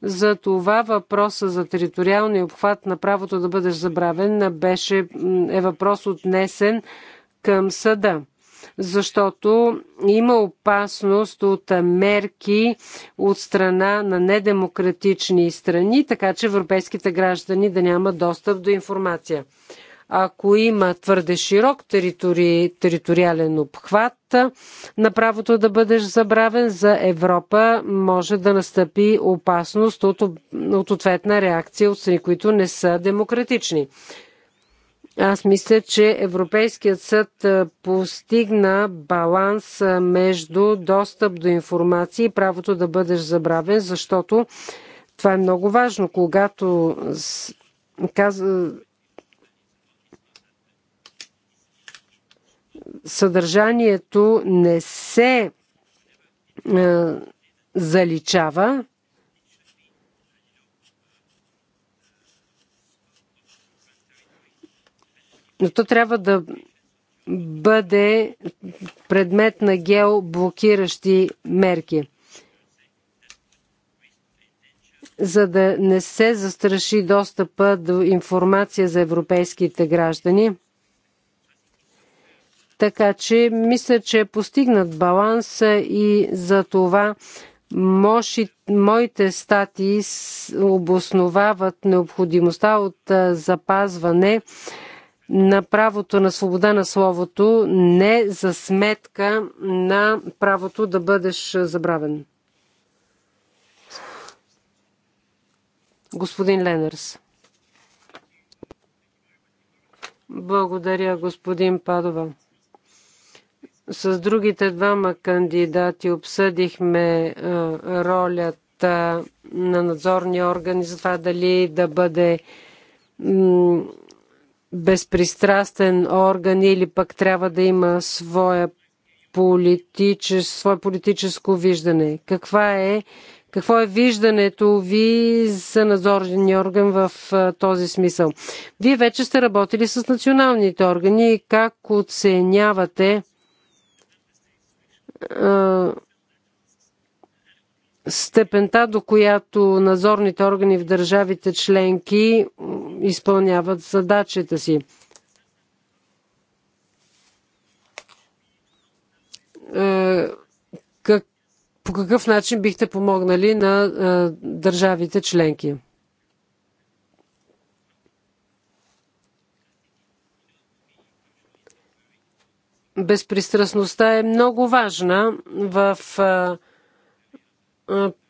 За това въпроса за териториалния обхват на правото да бъдеш забравен беше, е въпрос отнесен към съда защото има опасност от мерки от страна на недемократични страни, така че европейските граждани да няма достъп до информация. Ако има твърде широк територи, териториален обхват на правото да бъдеш забравен за Европа, може да настъпи опасност от, от ответна реакция от страни, които не са демократични. Аз мисля, че Европейският съд постигна баланс между достъп до информация и правото да бъдеш забравен, защото това е много важно. Когато съдържанието не се заличава, Но то трябва да бъде предмет на геоблокиращи мерки. За да не се застраши достъпа до информация за европейските граждани. Така че мисля, че е постигнат баланс и за това Моши, моите статии обосновават необходимостта от запазване на правото на свобода на словото, не за сметка на правото да бъдеш забравен. Господин Ленърс. Благодаря, господин Падова. С другите двама кандидати обсъдихме е, ролята на надзорния орган за това дали да бъде безпристрастен орган или пък трябва да има своя политичес, свое политическо виждане. Каква е, какво е виждането ви за надзорния орган в този смисъл? Вие вече сте работили с националните органи. Как оценявате степента, до която надзорните органи в държавите членки изпълняват задачите си. Е, как, по какъв начин бихте помогнали на е, държавите членки? Безпристрастността е много важна в е,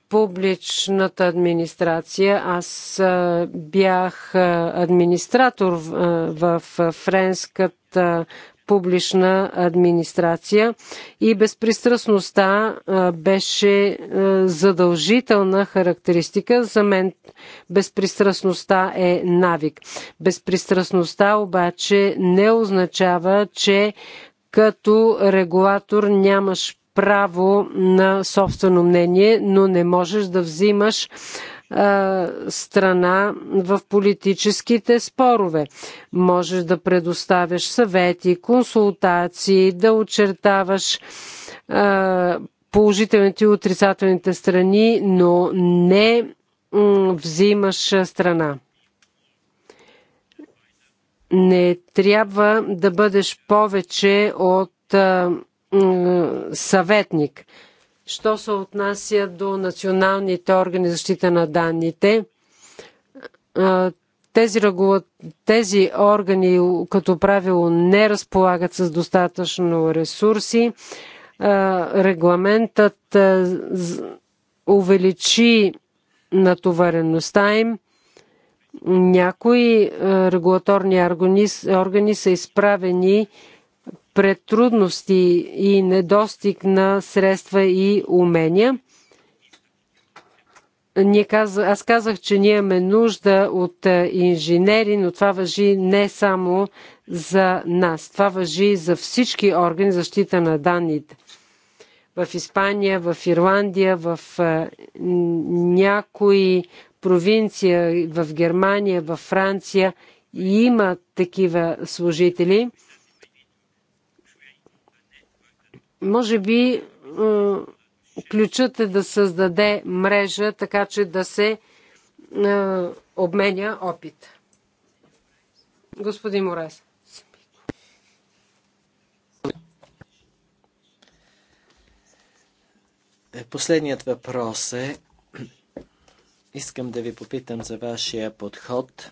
публичната администрация. Аз бях администратор в френската публична администрация и безпристрастността беше задължителна характеристика. За мен безпристрастността е навик. Безпристрастността обаче не означава, че като регулатор нямаш право на собствено мнение, но не можеш да взимаш страна в политическите спорове. Можеш да предоставяш съвети, консултации, да очертаваш положителните и отрицателните страни, но не взимаш страна. Не трябва да бъдеш повече от съветник. Що се отнася до националните органи за защита на данните, тези, тези органи като правило не разполагат с достатъчно ресурси. Регламентът увеличи натовареността им. Някои регулаторни органи са изправени пред трудности и недостиг на средства и умения. Ние каз... Аз казах, че ние имаме нужда от е, инженери, но това въжи не само за нас. Това въжи за всички органи защита на данните. В Испания, в Ирландия, в е, някои провинция, в Германия, в Франция има такива служители – Може би е, ключът е да създаде мрежа, така че да се е, обменя опит. Господин Морес. Е, последният въпрос е искам да ви попитам за вашия подход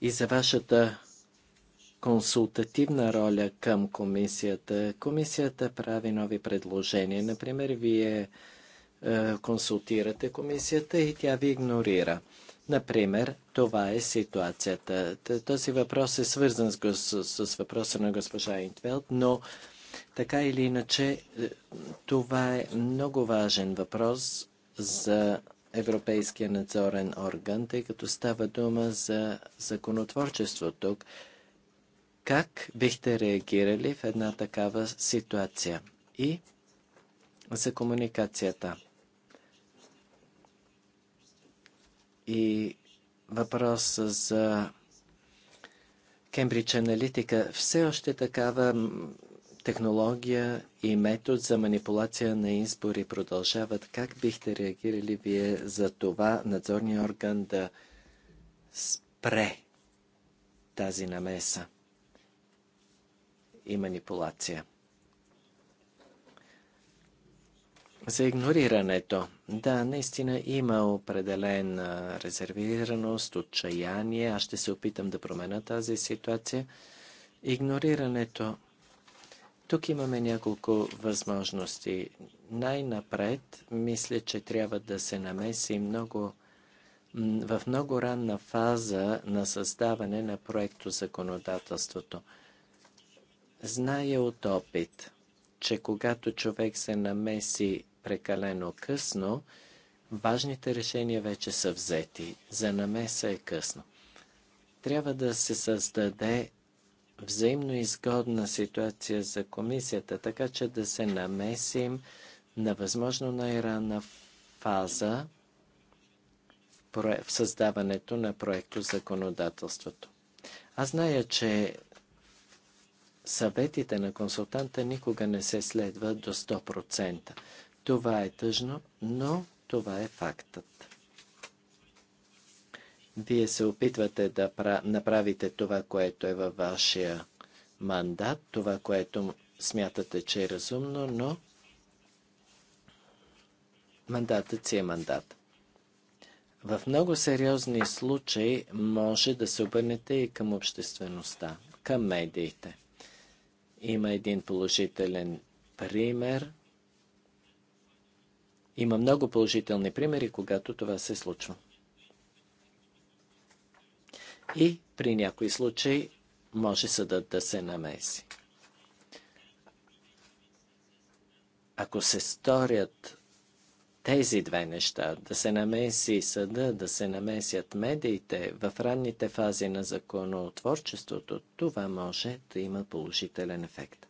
и за вашата консултативна роля към комисията. Комисията прави нови предложения. Например, вие е, консултирате комисията и тя ви игнорира. Например, това е ситуацията. Този въпрос е свързан с, с, с въпроса на госпожа Интвелд, но така или иначе, е, това е много важен въпрос за Европейския надзорен орган, тъй като става дума за законотворчество тук. Как бихте реагирали в една такава ситуация? И за комуникацията. И въпрос за Кембридж Аналитика. Все още такава технология и метод за манипулация на избори продължават. Как бихте реагирали вие за това надзорния орган да спре тази намеса? и манипулация. За игнорирането. Да, наистина има определена резервираност, отчаяние. Аз ще се опитам да променя тази ситуация. Игнорирането. Тук имаме няколко възможности. Най-напред, мисля, че трябва да се намеси много в много ранна фаза на създаване на проекто законодателството. Зная от опит, че когато човек се намеси прекалено късно, важните решения вече са взети. За намеса е късно. Трябва да се създаде взаимно изгодна ситуация за комисията, така че да се намесим на възможно най-рана фаза в създаването на проекто законодателството. Аз зная, че съветите на консултанта никога не се следва до 100%. Това е тъжно, но това е фактът. Вие се опитвате да направите това, което е във вашия мандат, това, което смятате, че е разумно, но мандатът си е мандат. В много сериозни случаи може да се обърнете и към обществеността, към медиите – има един положителен пример. Има много положителни примери, когато това се случва. И при някои случаи може съдът да се намеси. Ако се сторят тези две неща, да се намеси съда, да се намесят медиите в ранните фази на законотворчеството, това може да има положителен ефект.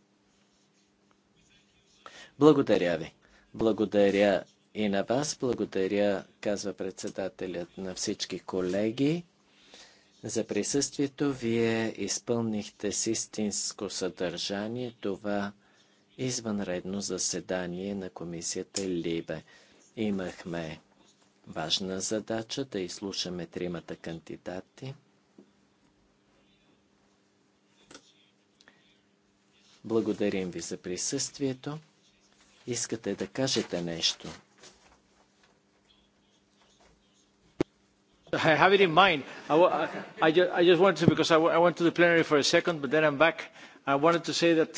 Благодаря ви. Благодаря и на вас. Благодаря, казва председателят на всички колеги за присъствието. Вие изпълнихте с истинско съдържание това извънредно заседание на комисията Либе. Имахме важна задача да изслушаме тримата кандидати. Благодарим ви за присъствието. Искате да кажете нещо? I have it in mind. I, I, I just wanted to, because I, I went to the plenary for a second, but then I'm back. I wanted to say that...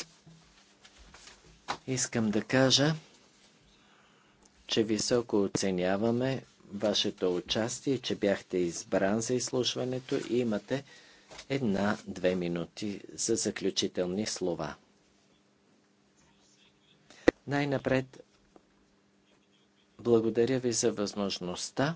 Искам да кажа, че високо оценяваме вашето участие, че бяхте избран за изслушването и имате една-две минути за заключителни слова. Най-напред, благодаря ви за възможността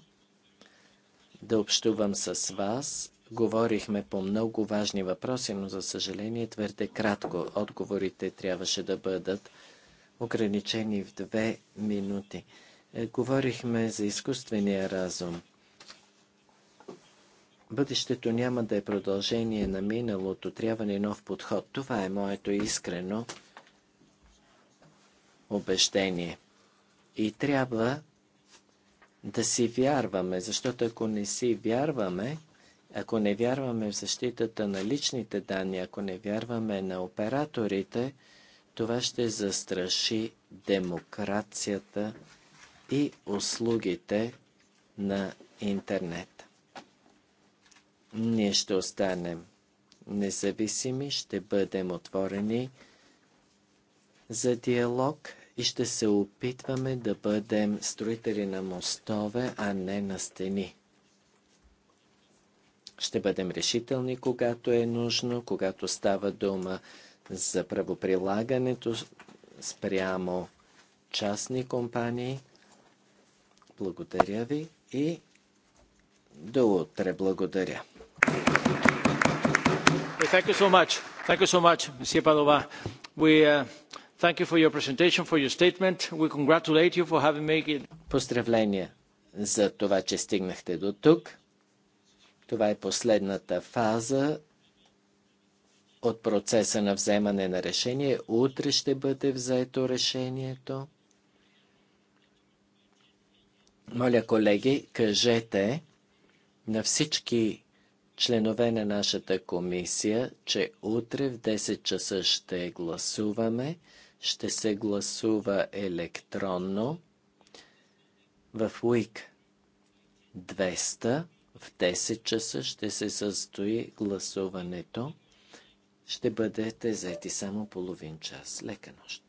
да общувам с вас. Говорихме по много важни въпроси, но за съжаление твърде кратко. Отговорите трябваше да бъдат ограничени в две минути. Е, говорихме за изкуствения разум. Бъдещето няма да е продължение на миналото, трябва ни нов подход. Това е моето искрено убеждение. И трябва да си вярваме, защото ако не си вярваме, ако не вярваме в защитата на личните данни, ако не вярваме на операторите, това ще застраши демокрацията и услугите на интернет. Ние ще останем независими, ще бъдем отворени за диалог и ще се опитваме да бъдем строители на мостове, а не на стени. Ще бъдем решителни, когато е нужно, когато става дума за правоприлагането спрямо частни компании. Благодаря ви и до утре. Благодаря. Thank you so much. Thank you so much, Monsieur Padova. We uh, thank you for your presentation, for your statement. We congratulate you for having made it. Поздравления за това, че стигнахте до тук. Това е последната фаза от процеса на вземане на решение. Утре ще бъде взето решението. Моля, колеги, кажете на всички членове на нашата комисия, че утре в 10 часа ще гласуваме. Ще се гласува електронно в УИК 200. В 10 часа ще се състои гласуването ще бъдете заети само половин час. Лека нощ!